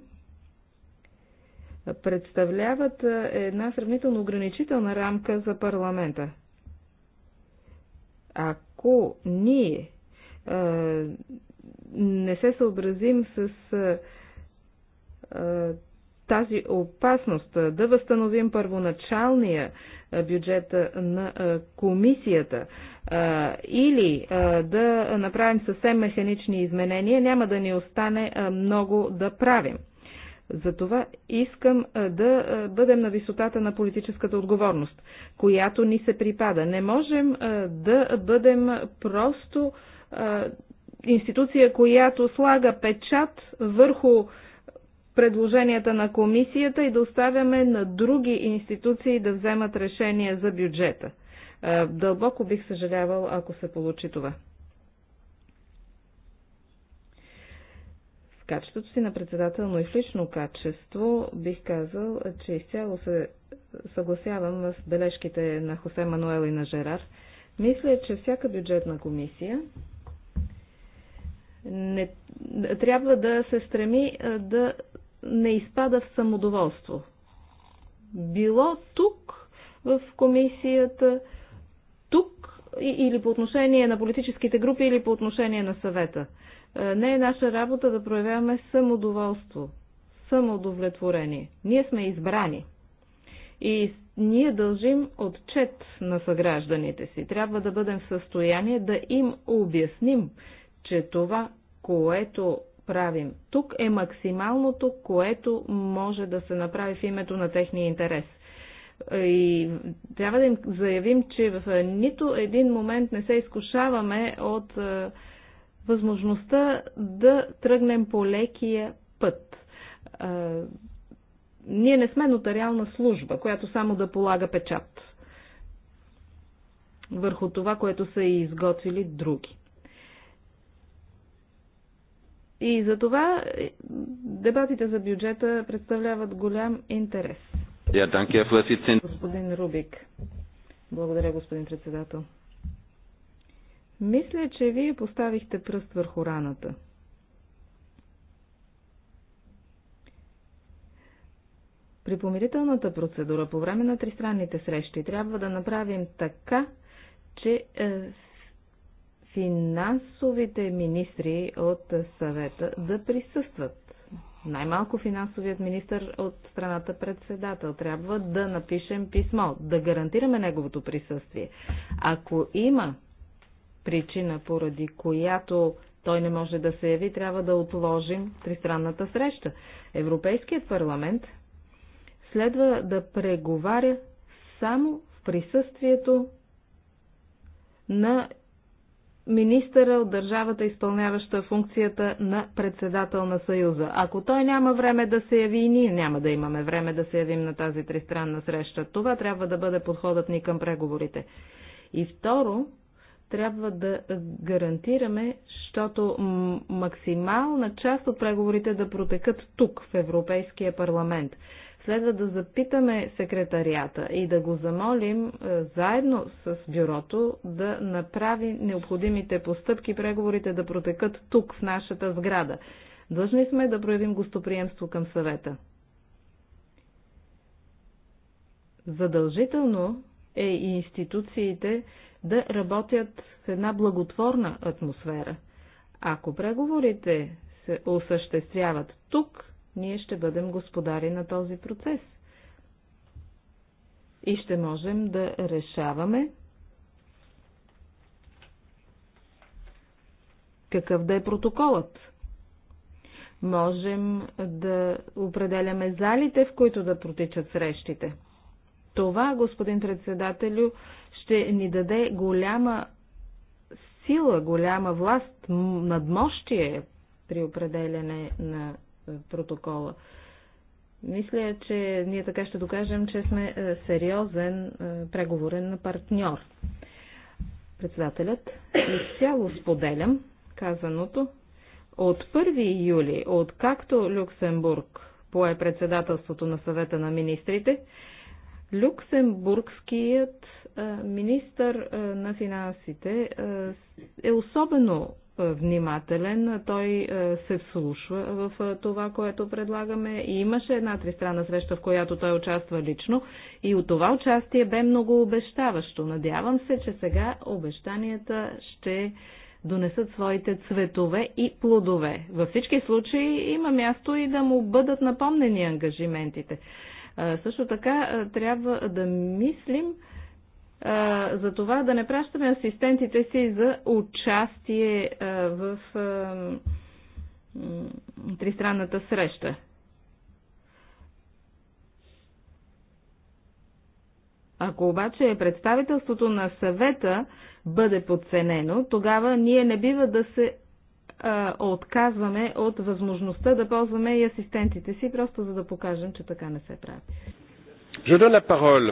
представляват е, една сравнително ограничителна рамка за парламента. Ако ние а, е, не се съобразим с а, е, тази опасност да възстановим първоначалния бюджет на комисията или да направим съвсем механични изменения, няма да ни остане много да правим. Затова искам да бъдем на висотата на политическата отговорност, която ни се припада. Не можем да бъдем просто институция, която слага печат върху предложенията на комисията и да оставяме на други институции да вземат решения за бюджета. Дълбоко бих съжалявал, ако се получи това. качеството си на председател, но и в лично качество бих казал, че изцяло се съгласявам с бележките на Хосе Мануел и на Жерар. Мисля, че всяка бюджетна комисия не, трябва да се стреми да не изпада в самодоволство. Било тук, в комисията, тук или по отношение на политическите групи, или по отношение на съвета. Е, не е наша работа да проявяваме самодоволство, самоудовлетворение. Ние сме избрани. И ние дължим отчет на съгражданите си. Трябва да бъдем в състояние да им обясним, че това, което правим тук, е максималното, което може да се направи в името на техния интерес. И трябва да им заявим, че в нито един момент не се изкушаваме от е, възможността да тръгнем по лекия път. Ние не сме нотариална служба, която само да полага печат върху това, което са и изготвили други. И за това е, дебатите за бюджета представляват голям интерес. Yeah, you, господин Рубик. Благодаря, господин председател. Мисля, че вие поставихте пръст върху раната. При помирителната процедура по време на тристранните срещи трябва да направим така, че е, финансовите министри от съвета да присъстват. Най-малко финансовият министр от страната председател трябва да напишем писмо, да гарантираме неговото присъствие. Ако има причина, поради която той не може да се яви, трябва да отложим тристранната среща. Европейският парламент следва да преговаря само в присъствието на министъра от държавата, изпълняваща функцията на председател на Съюза. Ако той няма време да се яви и ние няма да имаме време да се явим на тази тристранна среща, това трябва да бъде подходът ни към преговорите. И второ, трябва да гарантираме, защото максимална част от преговорите да протекат тук, в Европейския парламент. Следва да запитаме секретарията и да го замолим е, заедно с бюрото да направи необходимите постъпки преговорите да протекат тук, в нашата сграда. Длъжни сме да проявим гостоприемство към съвета. Задължително е и институциите да работят в една благотворна атмосфера. Ако преговорите се осъществяват тук, ние ще бъдем господари на този процес. И ще можем да решаваме какъв да е протоколът. Можем да определяме залите, в които да протичат срещите. Това, господин председателю, ще ни даде голяма сила, голяма власт, надмощие при определене на е, протокола. Мисля, че ние така ще докажем, че сме е, сериозен е, преговорен партньор. Председателят, изцяло споделям казаното. От 1 юли, откакто Люксембург пое председателството на съвета на министрите, Люксембургският министър на финансите е особено внимателен. Той се вслушва в това, което предлагаме. И имаше една тристранна среща, в която той участва лично. И от това участие бе много обещаващо. Надявам се, че сега обещанията ще донесат своите цветове и плодове. Във всички случаи има място и да му бъдат напомнени ангажиментите. Също така трябва да мислим за това да не пращаме асистентите си за участие в тристранната среща. Ако обаче представителството на съвета бъде подценено, тогава ние не бива да се а, отказваме от възможността да ползваме и асистентите си, просто за да покажем, че така не се прави. Je donne la parole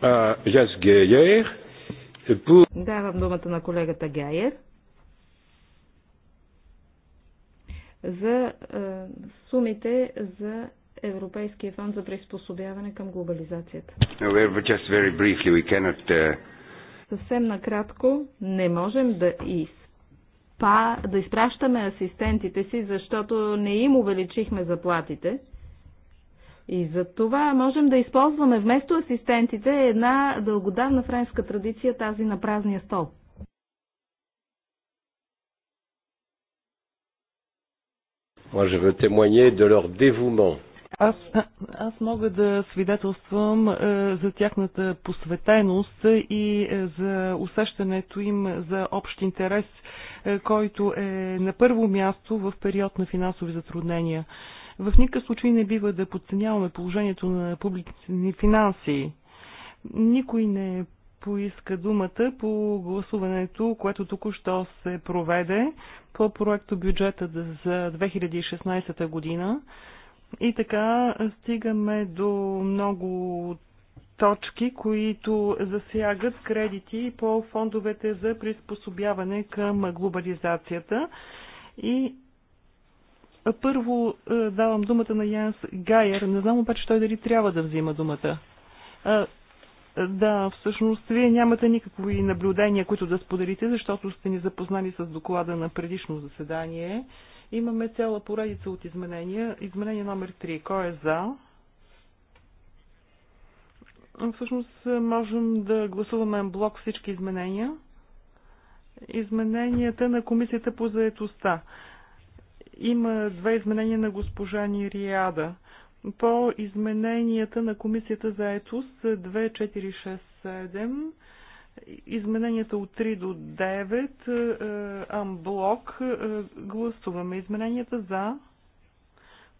à Jas Geyer pour... Давам думата на колегата Гайер за а, сумите за Европейския фонд за приспособяване към глобализацията. just very briefly, we cannot, uh... Съвсем накратко, не можем да и Па да изпращаме асистентите си, защото не им увеличихме заплатите. И за това можем да използваме вместо асистентите една дългодавна френска традиция, тази на празния стол. Moi, je veux témoigner de leur dévouement. Аз, аз мога да свидетелствам е, за тяхната посветеност и е, за усещането им за общ интерес е, който е на първо място в период на финансови затруднения. В никакъв случай не бива да подценяваме положението на публични финанси. Никой не поиска думата по гласуването, което току-що се проведе по проекто бюджета за 2016 година. И така стигаме до много точки, които засягат кредити по фондовете за приспособяване към глобализацията. И първо е, давам думата на Янс Гайер. Не знам обаче той дали трябва да взима думата. Е, да, всъщност вие нямате никакви наблюдения, които да споделите, защото сте ни запознали с доклада на предишно заседание. Имаме цяла поредица от изменения. Изменение номер 3. Кой е за? Всъщност е, можем да гласуваме блок всички изменения. Измененията на Комисията по заедостта. Има две изменения на госпожа Нириада. По измененията на Комисията за етост 2467, е, измененията от 3 до 9, амблок, е, гласуваме измененията за,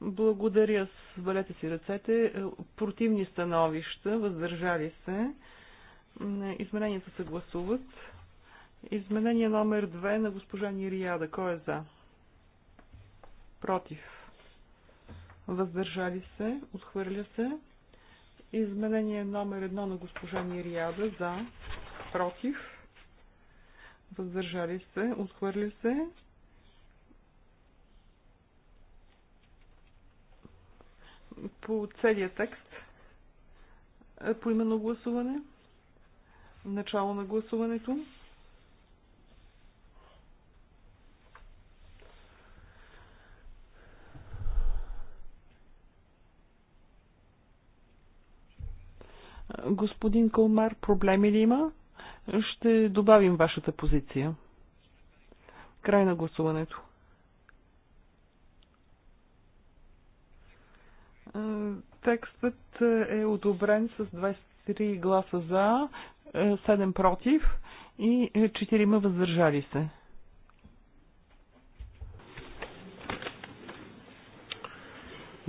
благодаря. Свалете си ръцете. Е, противни становища. Въздържали се. Измененията се гласуват. Изменение номер 2 на госпожа Нирияда. Кой е за? Против. Въздържали се. Отхвърля се. Изменение номер 1 на госпожа Нирияда. За. Против. Въздържали се. Отхвърля се. по целия текст. Е, по именно гласуване. Начало на гласуването. Господин Калмар, проблеми ли има? Ще добавим вашата позиция. Край на гласуването. Е, текстът е одобрен с 23 гласа за, 7 е, против и 4 е, въздържали се.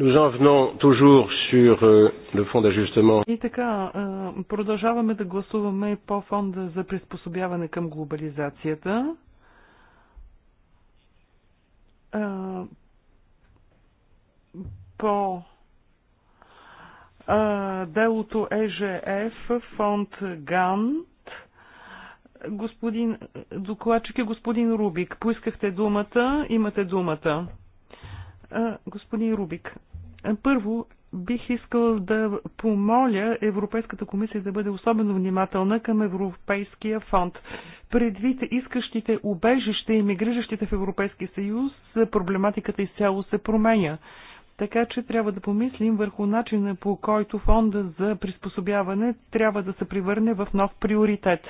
Nous en venons toujours sur euh, le fonds d'ajustement. И така, продължаваме да гласуваме по фонда за приспособяване към глобализацията. По делото ЕЖФ, фонд ГАН, господин докладчик и е господин Рубик. Поискахте думата, имате думата. Господин Рубик, първо бих искал да помоля Европейската комисия да бъде особено внимателна към Европейския фонд. Предвид искащите убежище и мигриращите в Европейския съюз, проблематиката изцяло се променя. Така че трябва да помислим върху начина по който фонда за приспособяване трябва да се превърне в нов приоритет.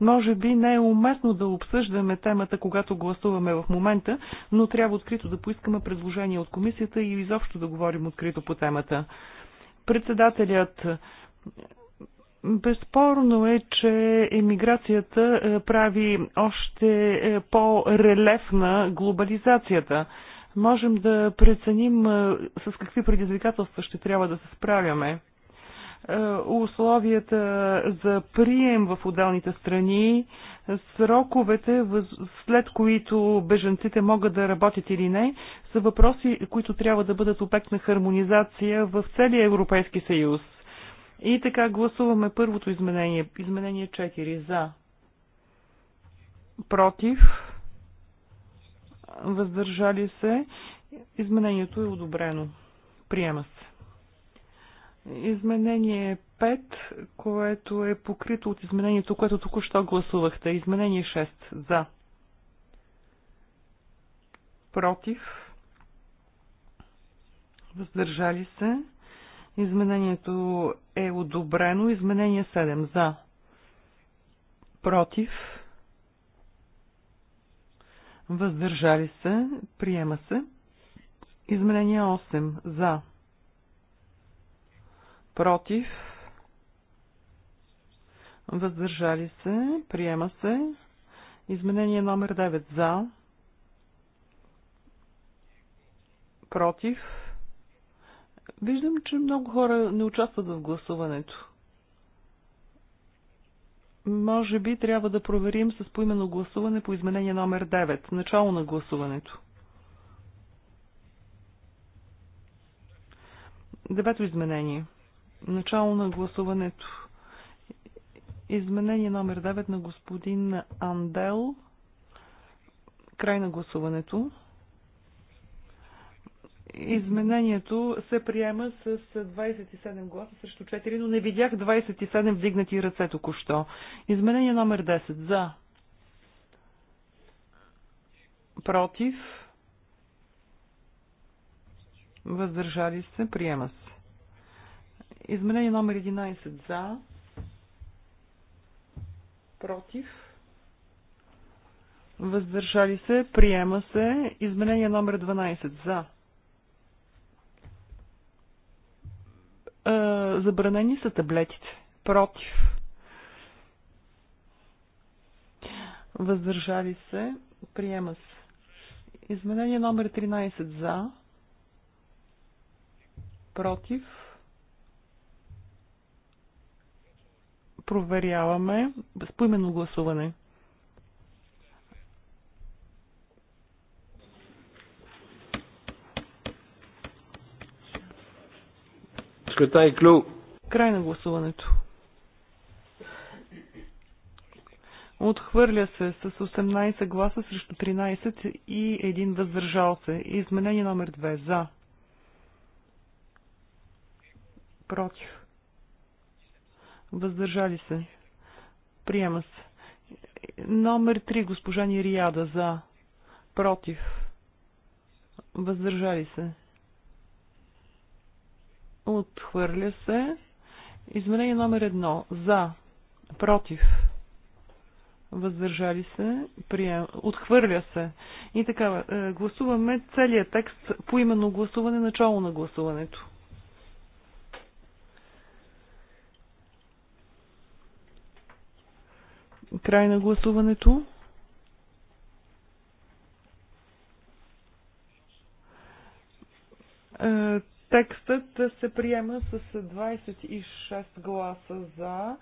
Може би не е уместно да обсъждаме темата, когато гласуваме в момента, но трябва открито да поискаме предложение от комисията и изобщо да говорим открито по темата. Председателят Безспорно е, че емиграцията е, прави още е, по-релефна глобализацията можем да преценим с какви предизвикателства ще трябва да се справяме. Условията за прием в отделните страни, сроковете, след които беженците могат да работят или не, са въпроси, които трябва да бъдат обект на хармонизация в целия Европейски съюз. И така гласуваме първото изменение. Изменение 4 за. Против въздържали се, изменението е одобрено. Приема се. Изменение 5, което е покрито от изменението, което току-що гласувахте. Изменение 6. За. Против. Въздържали се. Изменението е одобрено. Изменение 7. За. Против въздържали се, приема се. Изменение 8 за, против, въздържали се, приема се. Изменение номер 9 за, против. Виждам, че много хора не участват в гласуването. Може би трябва да проверим с поименно гласуване по изменение номер 9. Начало на гласуването. Девето изменение. Начало на гласуването. Изменение номер 9 на господин Андел. Край на гласуването. Изменението се приема с 27 гласа срещу 4, но не видях 27 вдигнати ръце току-що. Изменение номер 10. За. Против. Въздържали се. Приема се. Изменение номер 11. За. Против. Въздържали се. Приема се. Изменение номер 12. За Е, забранени са таблетите. Против. Въздържали се. Приема се. Изменение номер 13 за. Против. Проверяваме. Безпоименно гласуване. Скъта и е клю. Край на гласуването. Отхвърля се с 18 гласа срещу 13 и един въздържал се. Изменение номер 2. За. Против. Въздържали се. Приема се. Номер 3. Госпожа Нирияда. За. Против. Въздържали се. Отхвърля се. Изменение номер едно. За. Против. Въздържали се. Прием... Отхвърля се. И така, е, гласуваме целият текст по именно гласуване, начало на гласуването. Край на гласуването. Е, Текстът се приема с 26 гласа за,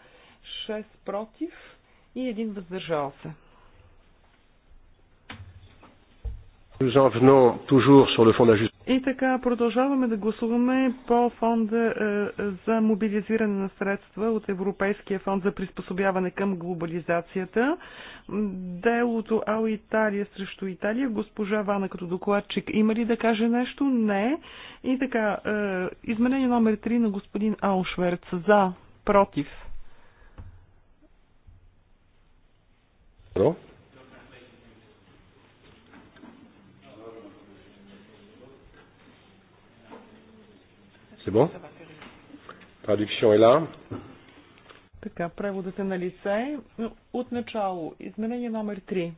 6 против и един въздържал се. Nous en venons toujours sur le fond de la и така, продължаваме да гласуваме по фонда е, за мобилизиране на средства от Европейския фонд за приспособяване към глобализацията. Делото Ао Италия срещу Италия. Госпожа Вана като докладчик има ли да каже нещо? Не. И така, е, изменение номер 3 на господин Аушверц. За, против. C'est bon Traduction est là. Така, преводът е на лице. От начало, изменение номер 3.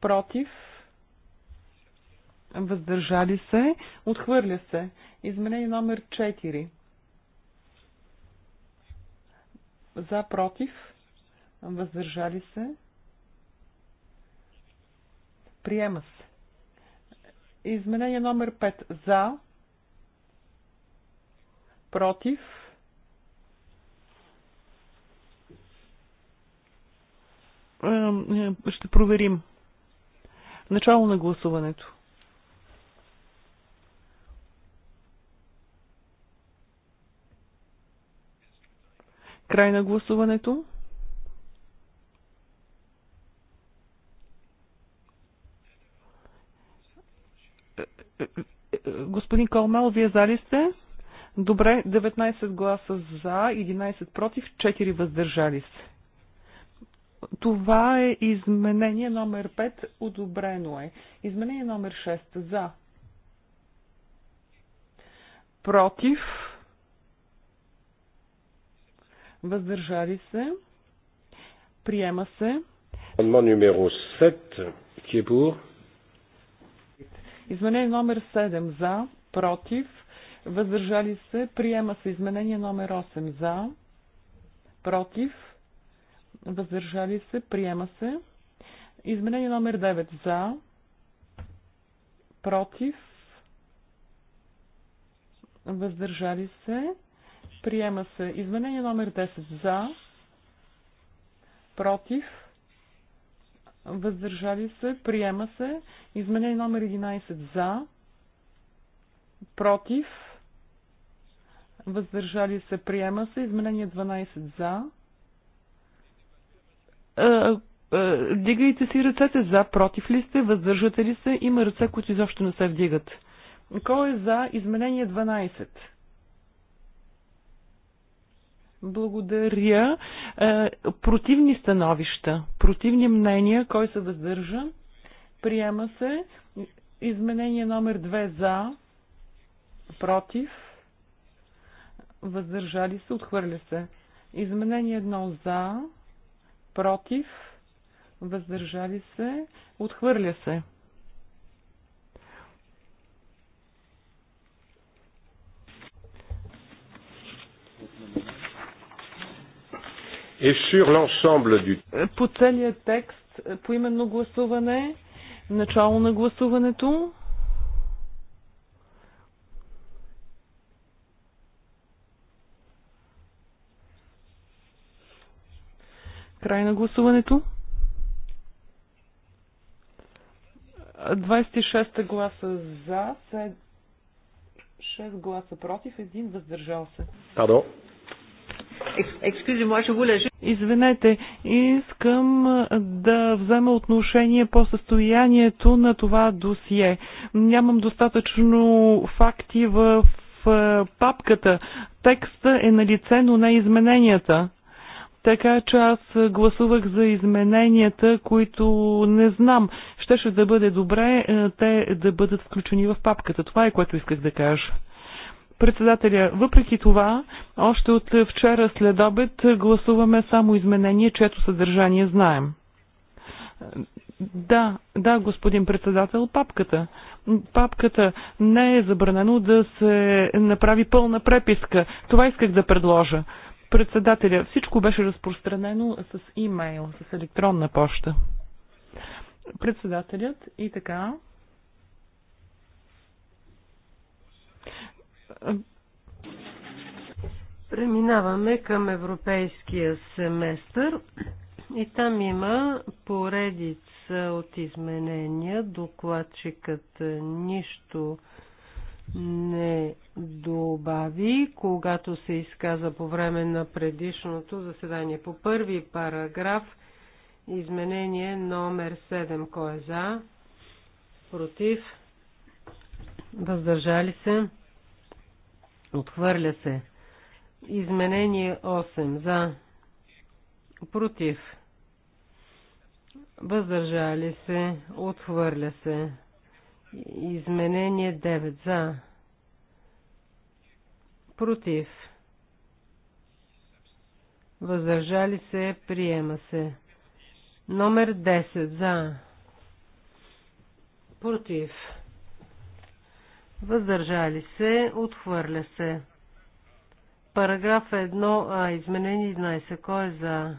Против. Въздържали се. Отхвърля се. Изменение номер 4. За, против. Въздържали се. Приема се. Изменение номер 5. За. Против. Е, ще проверим. Начало на гласуването. Край на гласуването. Господин Колмел, вие зали сте? Добре, 19 гласа за, 11 против, 4 въздържали се. Това е изменение номер 5, одобрено е. Изменение номер 6 за. Против. Въздържали се. Приема се. Amendement numéro 7, qui est pour? Изменение номер 7 за, против, въздържали се, приема се. Изменение номер 8 за, против, въздържали се, приема се. Изменение номер 9 за, против, въздържали се, приема се. Изменение номер 10 за, против, въздържали се, приема се. Изменение номер 11 за, против, въздържали се, приема се. Изменение 12 за. Е, е, дигайте си ръцете за, против ли сте, въздържате ли се, има ръце, които изобщо не се вдигат. Кой е за изменение 12? Благодаря. Е, противни становища, противни мнения, кой се въздържа? Приема се. Изменение номер 2 за, против, въздържали се, отхвърля се. Изменение 1 за, против, въздържали се, отхвърля се. et sur l'ensemble du... По целия текст, е, по именно гласуване, начало на гласуването. Край на гласуването. 26 гласа за, 6 гласа против, 1 въздържал се. Пардон. Извинете, искам да взема отношение по състоянието на това досие. Нямам достатъчно факти в папката. Текста е на лице, но не измененията. Така че аз гласувах за измененията, които не знам. Щеше да бъде добре те да бъдат включени в папката. Това е което исках да кажа. Председателя, въпреки това, още от вчера след обед гласуваме само изменение, чето съдържание знаем. Да, да, господин председател, папката. Папката не е забранено да се направи пълна преписка. Това исках да предложа. Председателя, всичко беше разпространено с имейл, с електронна поща. Председателят и така. Преминаваме към европейския семестър и там има поредица от изменения. Докладчикът нищо не добави, когато се изказа по време на предишното заседание. По първи параграф изменение номер 7. Кой е за? Против? Въздържали се? Отхвърля се. Изменение 8. За. Против. Въздържали се. Отхвърля се. Изменение 9. За. Против. Въздържали се. Приема се. Номер 10. За. Против въздържали се, отхвърля се. Параграф 1а, изменение 11. Кой е за?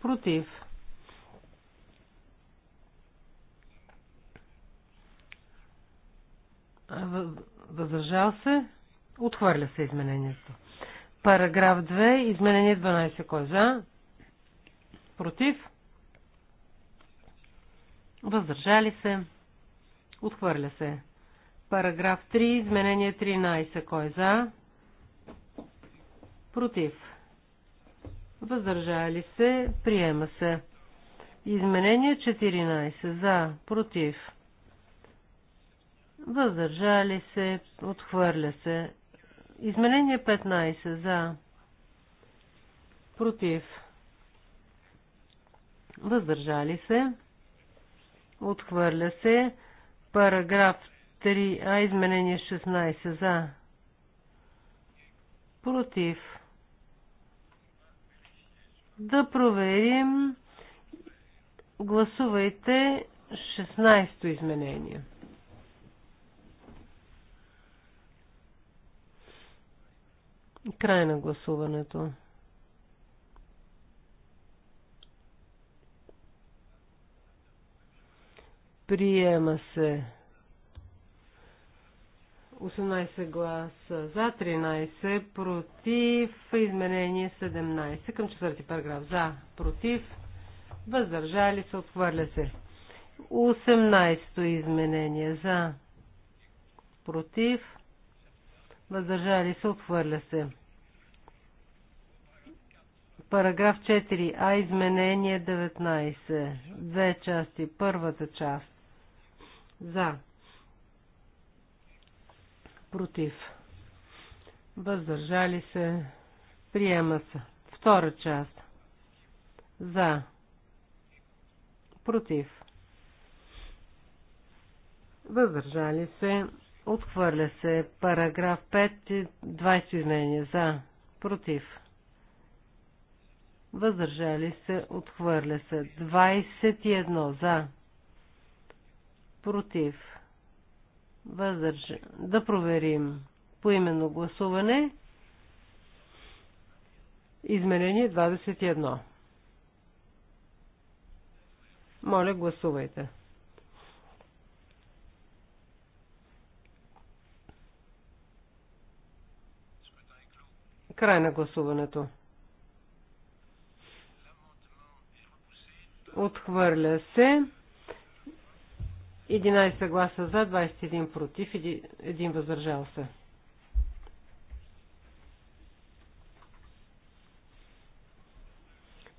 Против. Въздържал се, отхвърля се изменението. Параграф 2, изменение 12. Кой е за? Против. Въздържали се. Отхвърля се. Параграф 3, изменение 13. Кой е за? Против. Въздържали се. Приема се. Изменение 14. За. Против. Въздържали се. Отхвърля се. Изменение 15. За. Против. Въздържали се. Отхвърля се. Параграф 3а, изменение 16 за. Против. Да проверим. Гласувайте 16-то изменение. Край на гласуването. Приема се 18 гласа за, 13 против, изменение 17 към четвърти параграф за, против, въздържали се, отхвърля се. 18 изменение за, против, въздържали се, отхвърля се. Параграф 4а изменение 19. Две части. Първата част за. Против. Въздържали се. Приема се. Втора част. За. Против. Въздържали се. Отхвърля се. Параграф 5. 20 изменения. За. Против. Въздържали се. Отхвърля се. 21. За против, въздържа. Да проверим по именно гласуване. Изменение 21. Моля, гласувайте. Край на гласуването. Отхвърля се. 11 гласа за, 21 против, 1 въздържал се.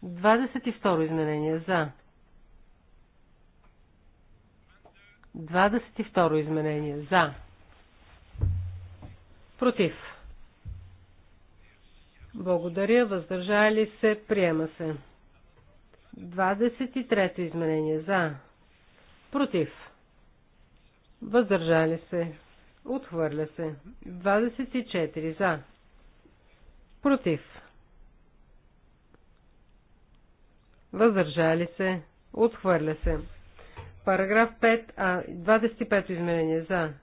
Двадесет и второ изменение за. Двадесет и второ изменение за. Против. Благодаря. Въздържали се. Приема се. 23 трето изменение. За. Против. Въздържали се. Отхвърля се. 24 за. Против. Въздържали се. Отхвърля се. Параграф 5, а 25 изменение за.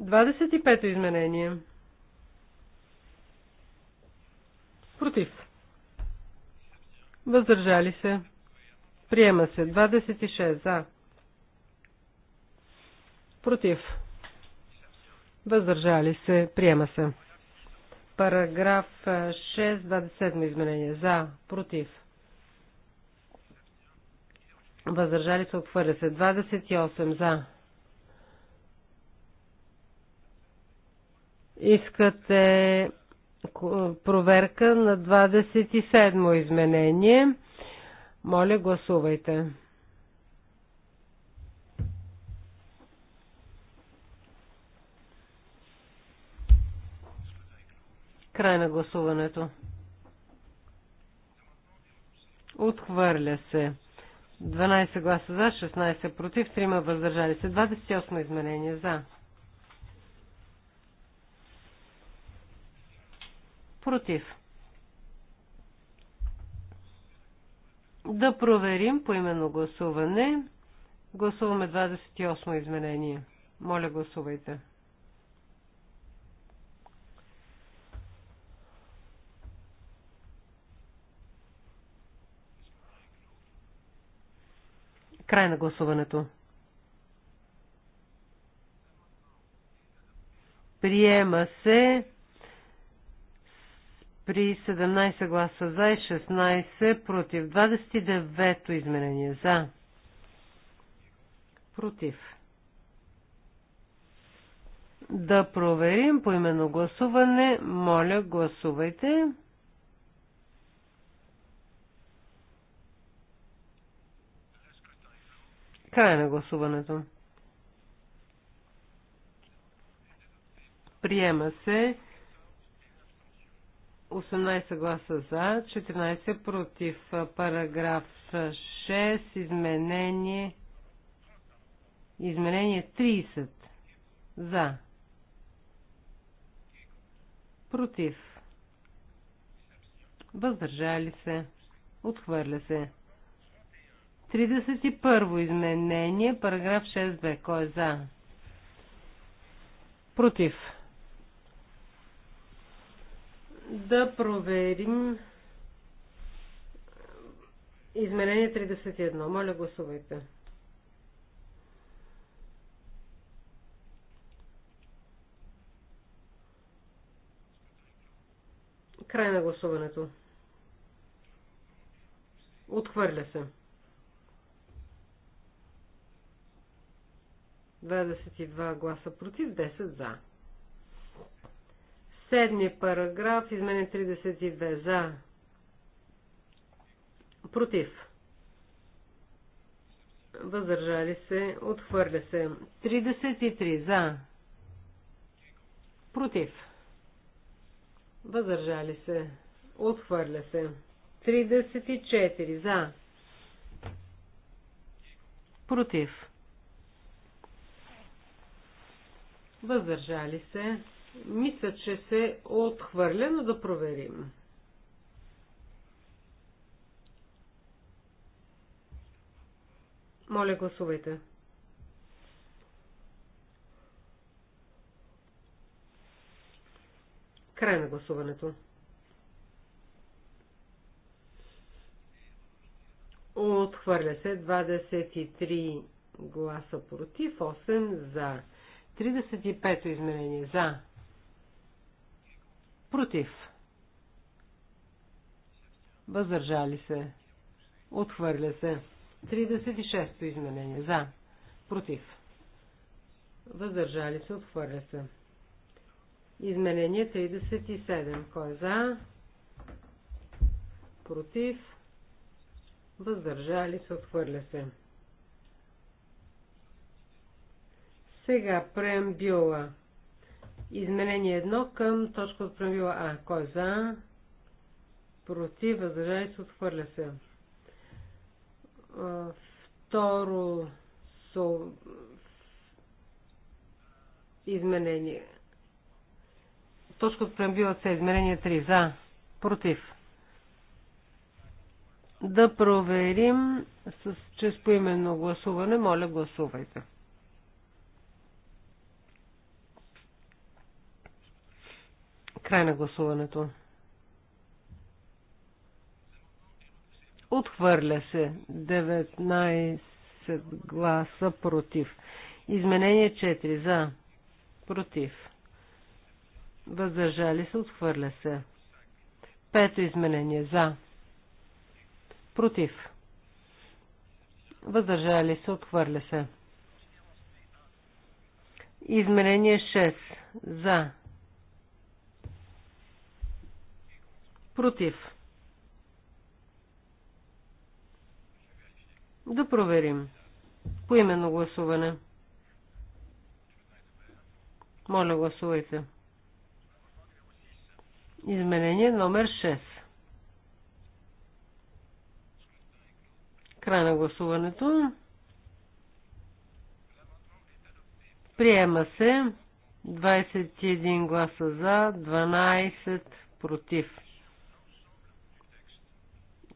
25 изменение. Против. Въздържали се. Приема се. 26 за. Против. Въздържали се. Приема се. Параграф 6, 27 изменение. За. Против. Въздържали се. Отхвърля се. 28 за. Искате проверка на 27 изменение. Моля, гласувайте. Край на гласуването. Отхвърля се. 12 гласа за, 16 против, 3 въздържали се. 28 изменение за. Против. Да проверим по именно гласуване. Гласуваме 28 изменение. Моля, гласувайте. Край на гласуването. Приема се при 17 гласа за и 16 против. 29-то изменение за. Против. Да проверим по именно гласуване. Моля, гласувайте. Край на гласуването. Приема се 18 гласа за, 14 против. Параграф 6, изменение, изменение 30 за, против, въздържали се, отхвърля се. 31 изменение, параграф 6б. Кой е за? Против да проверим изменение 31. Моля, гласувайте. Край на гласуването. Отхвърля се. 22 гласа против, 10 за. Седми параграф, измене 32 за. Против. Въздържали се, отхвърля се. 33 за. Против. Въздържали се, отхвърля се. 34 за. Против. Въздържали се. Мисля, че се отхвърля, но да проверим. Моля, гласувайте. Край на гласуването. Отхвърля се 23 гласа против, 8 за. 35 изменение за, Против. Въздържали се. Отхвърля се. 36-то изменение. За. Против. Въздържали се. Отхвърля се. Изменение 37. Кой е за? Против. Въздържали се. Отхвърля се. Сега преамбюла. Изменение 1 към точка от правила А. Кой е за? Против, въздържали се, отхвърля се. Второ со... изменение. Точка от правила С. Изменение 3. За. Против. Да проверим с чрез поименно гласуване. Моля, гласувайте. Край на гласуването. Отхвърля се 19 гласа против. Изменение 4 за. Против. Въздържали се, отхвърля се. Пето изменение за. Против. Въздържали се, отхвърля се. Изменение 6 за. Против. Да проверим. Поименно гласуване. Моля, гласувайте. Изменение номер 6. Край на гласуването. Приема се 21 гласа за, 12 против.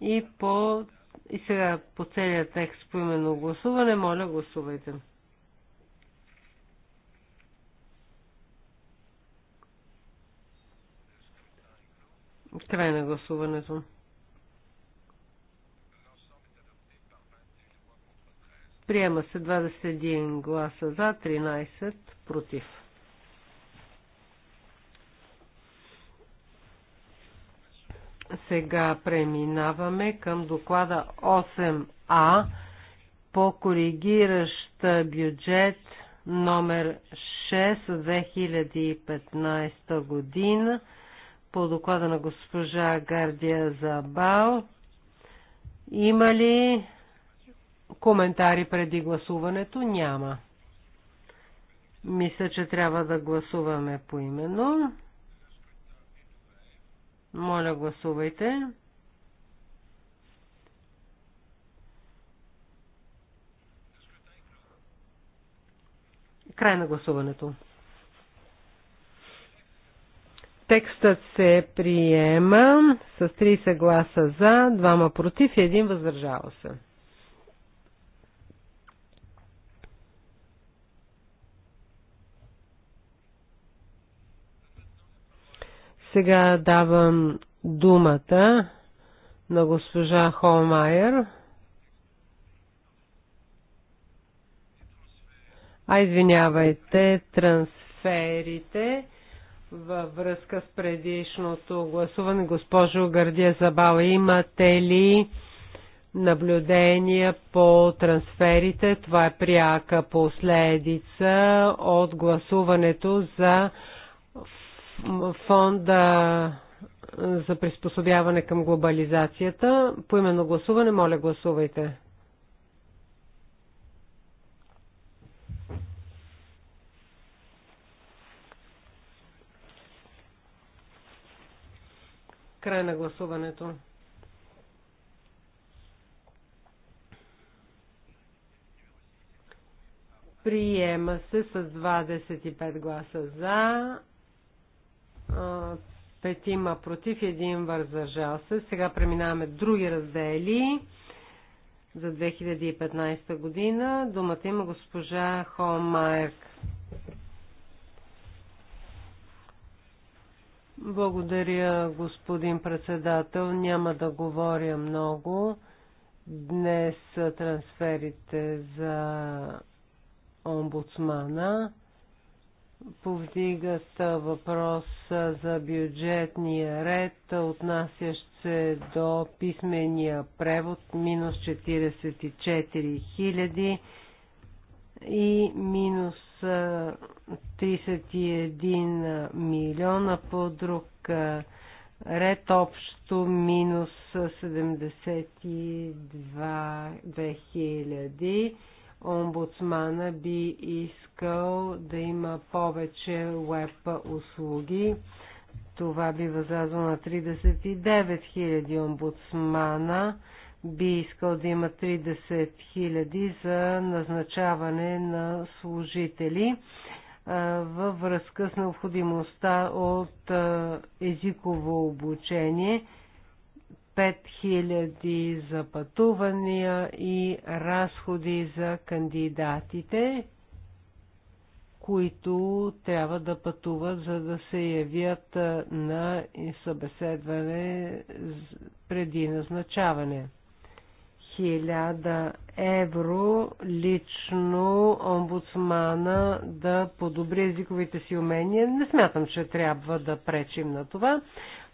И по и сега по целия текст по именно гласуване, моля гласувайте. Край на гласуването. Приема се 21 гласа за, 13 против. Сега преминаваме към доклада 8А по коригиращ бюджет номер 6 2015 година по доклада на госпожа Гардия Забал. Има ли коментари преди гласуването? Няма. Мисля, че трябва да гласуваме поименно. Моля, гласувайте. Край на гласуването. Текстът се приема с 30 гласа за, 2 против и 1 въздържава се. Сега давам думата на госпожа Холмайер. А извинявайте, трансферите във връзка с предишното гласуване. Госпожо Гардия Забала, имате ли наблюдения по трансферите? Това е пряка последица от гласуването за фонда за приспособяване към глобализацията. По именно гласуване, моля гласувайте. Край на гласуването. Приема се с 25 гласа за, петима против и един въздържал се. Сега преминаваме други раздели за 2015 година. Думата има госпожа Холмайерк. Благодаря, господин председател. Няма да говоря много. Днес трансферите за омбудсмана повдигат въпрос за бюджетния ред, отнасящ се до писмения превод минус 44 000 и минус 31 милиона по друг ред общо минус 72 000 омбудсмана би искал да има повече веб услуги. Това би възлязло на 39 000 омбудсмана. Би искал да има 30 000 за назначаване на служители във връзка с необходимостта от езиково обучение – 5000 за пътувания и разходи за кандидатите, които трябва да пътуват, за да се явят на събеседване преди назначаване. 1000 евро лично омбудсмана да подобри езиковите си умения. Не смятам, че трябва да пречим на това.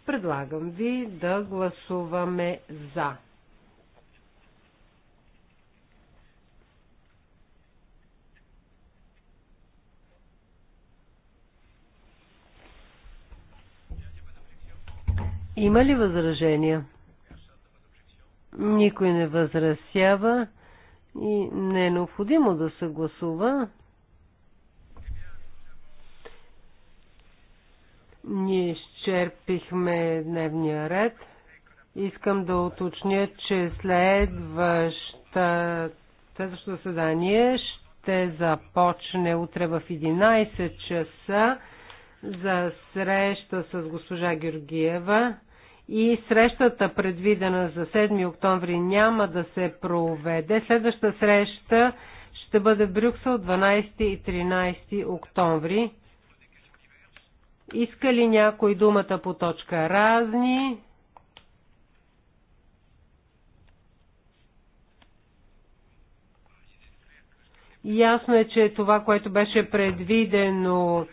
Предлагам ви да гласуваме за. Има ли възражения? Никой не възразява и не е необходимо да се гласува. Ние изчерпихме дневния ред. Искам да уточня, че следващата, следващото заседание ще започне утре в 11 часа за среща с госпожа Георгиева и срещата предвидена за 7 октомври няма да се проведе. Следващата среща ще бъде в Брюксел 12 и 13 октомври. Иска ли някой думата по точка разни? Ясно е, че това, което беше предвидено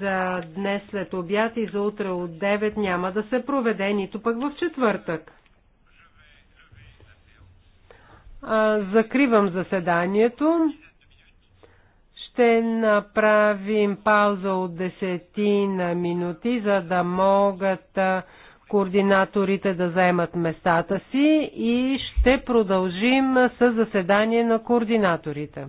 за днес след обяд и за утре от 9 няма да се проведе, нито пък в четвъртък. Закривам заседанието. Ще направим пауза от десетина минути, за да могат координаторите да заемат местата си и ще продължим с заседание на координаторите.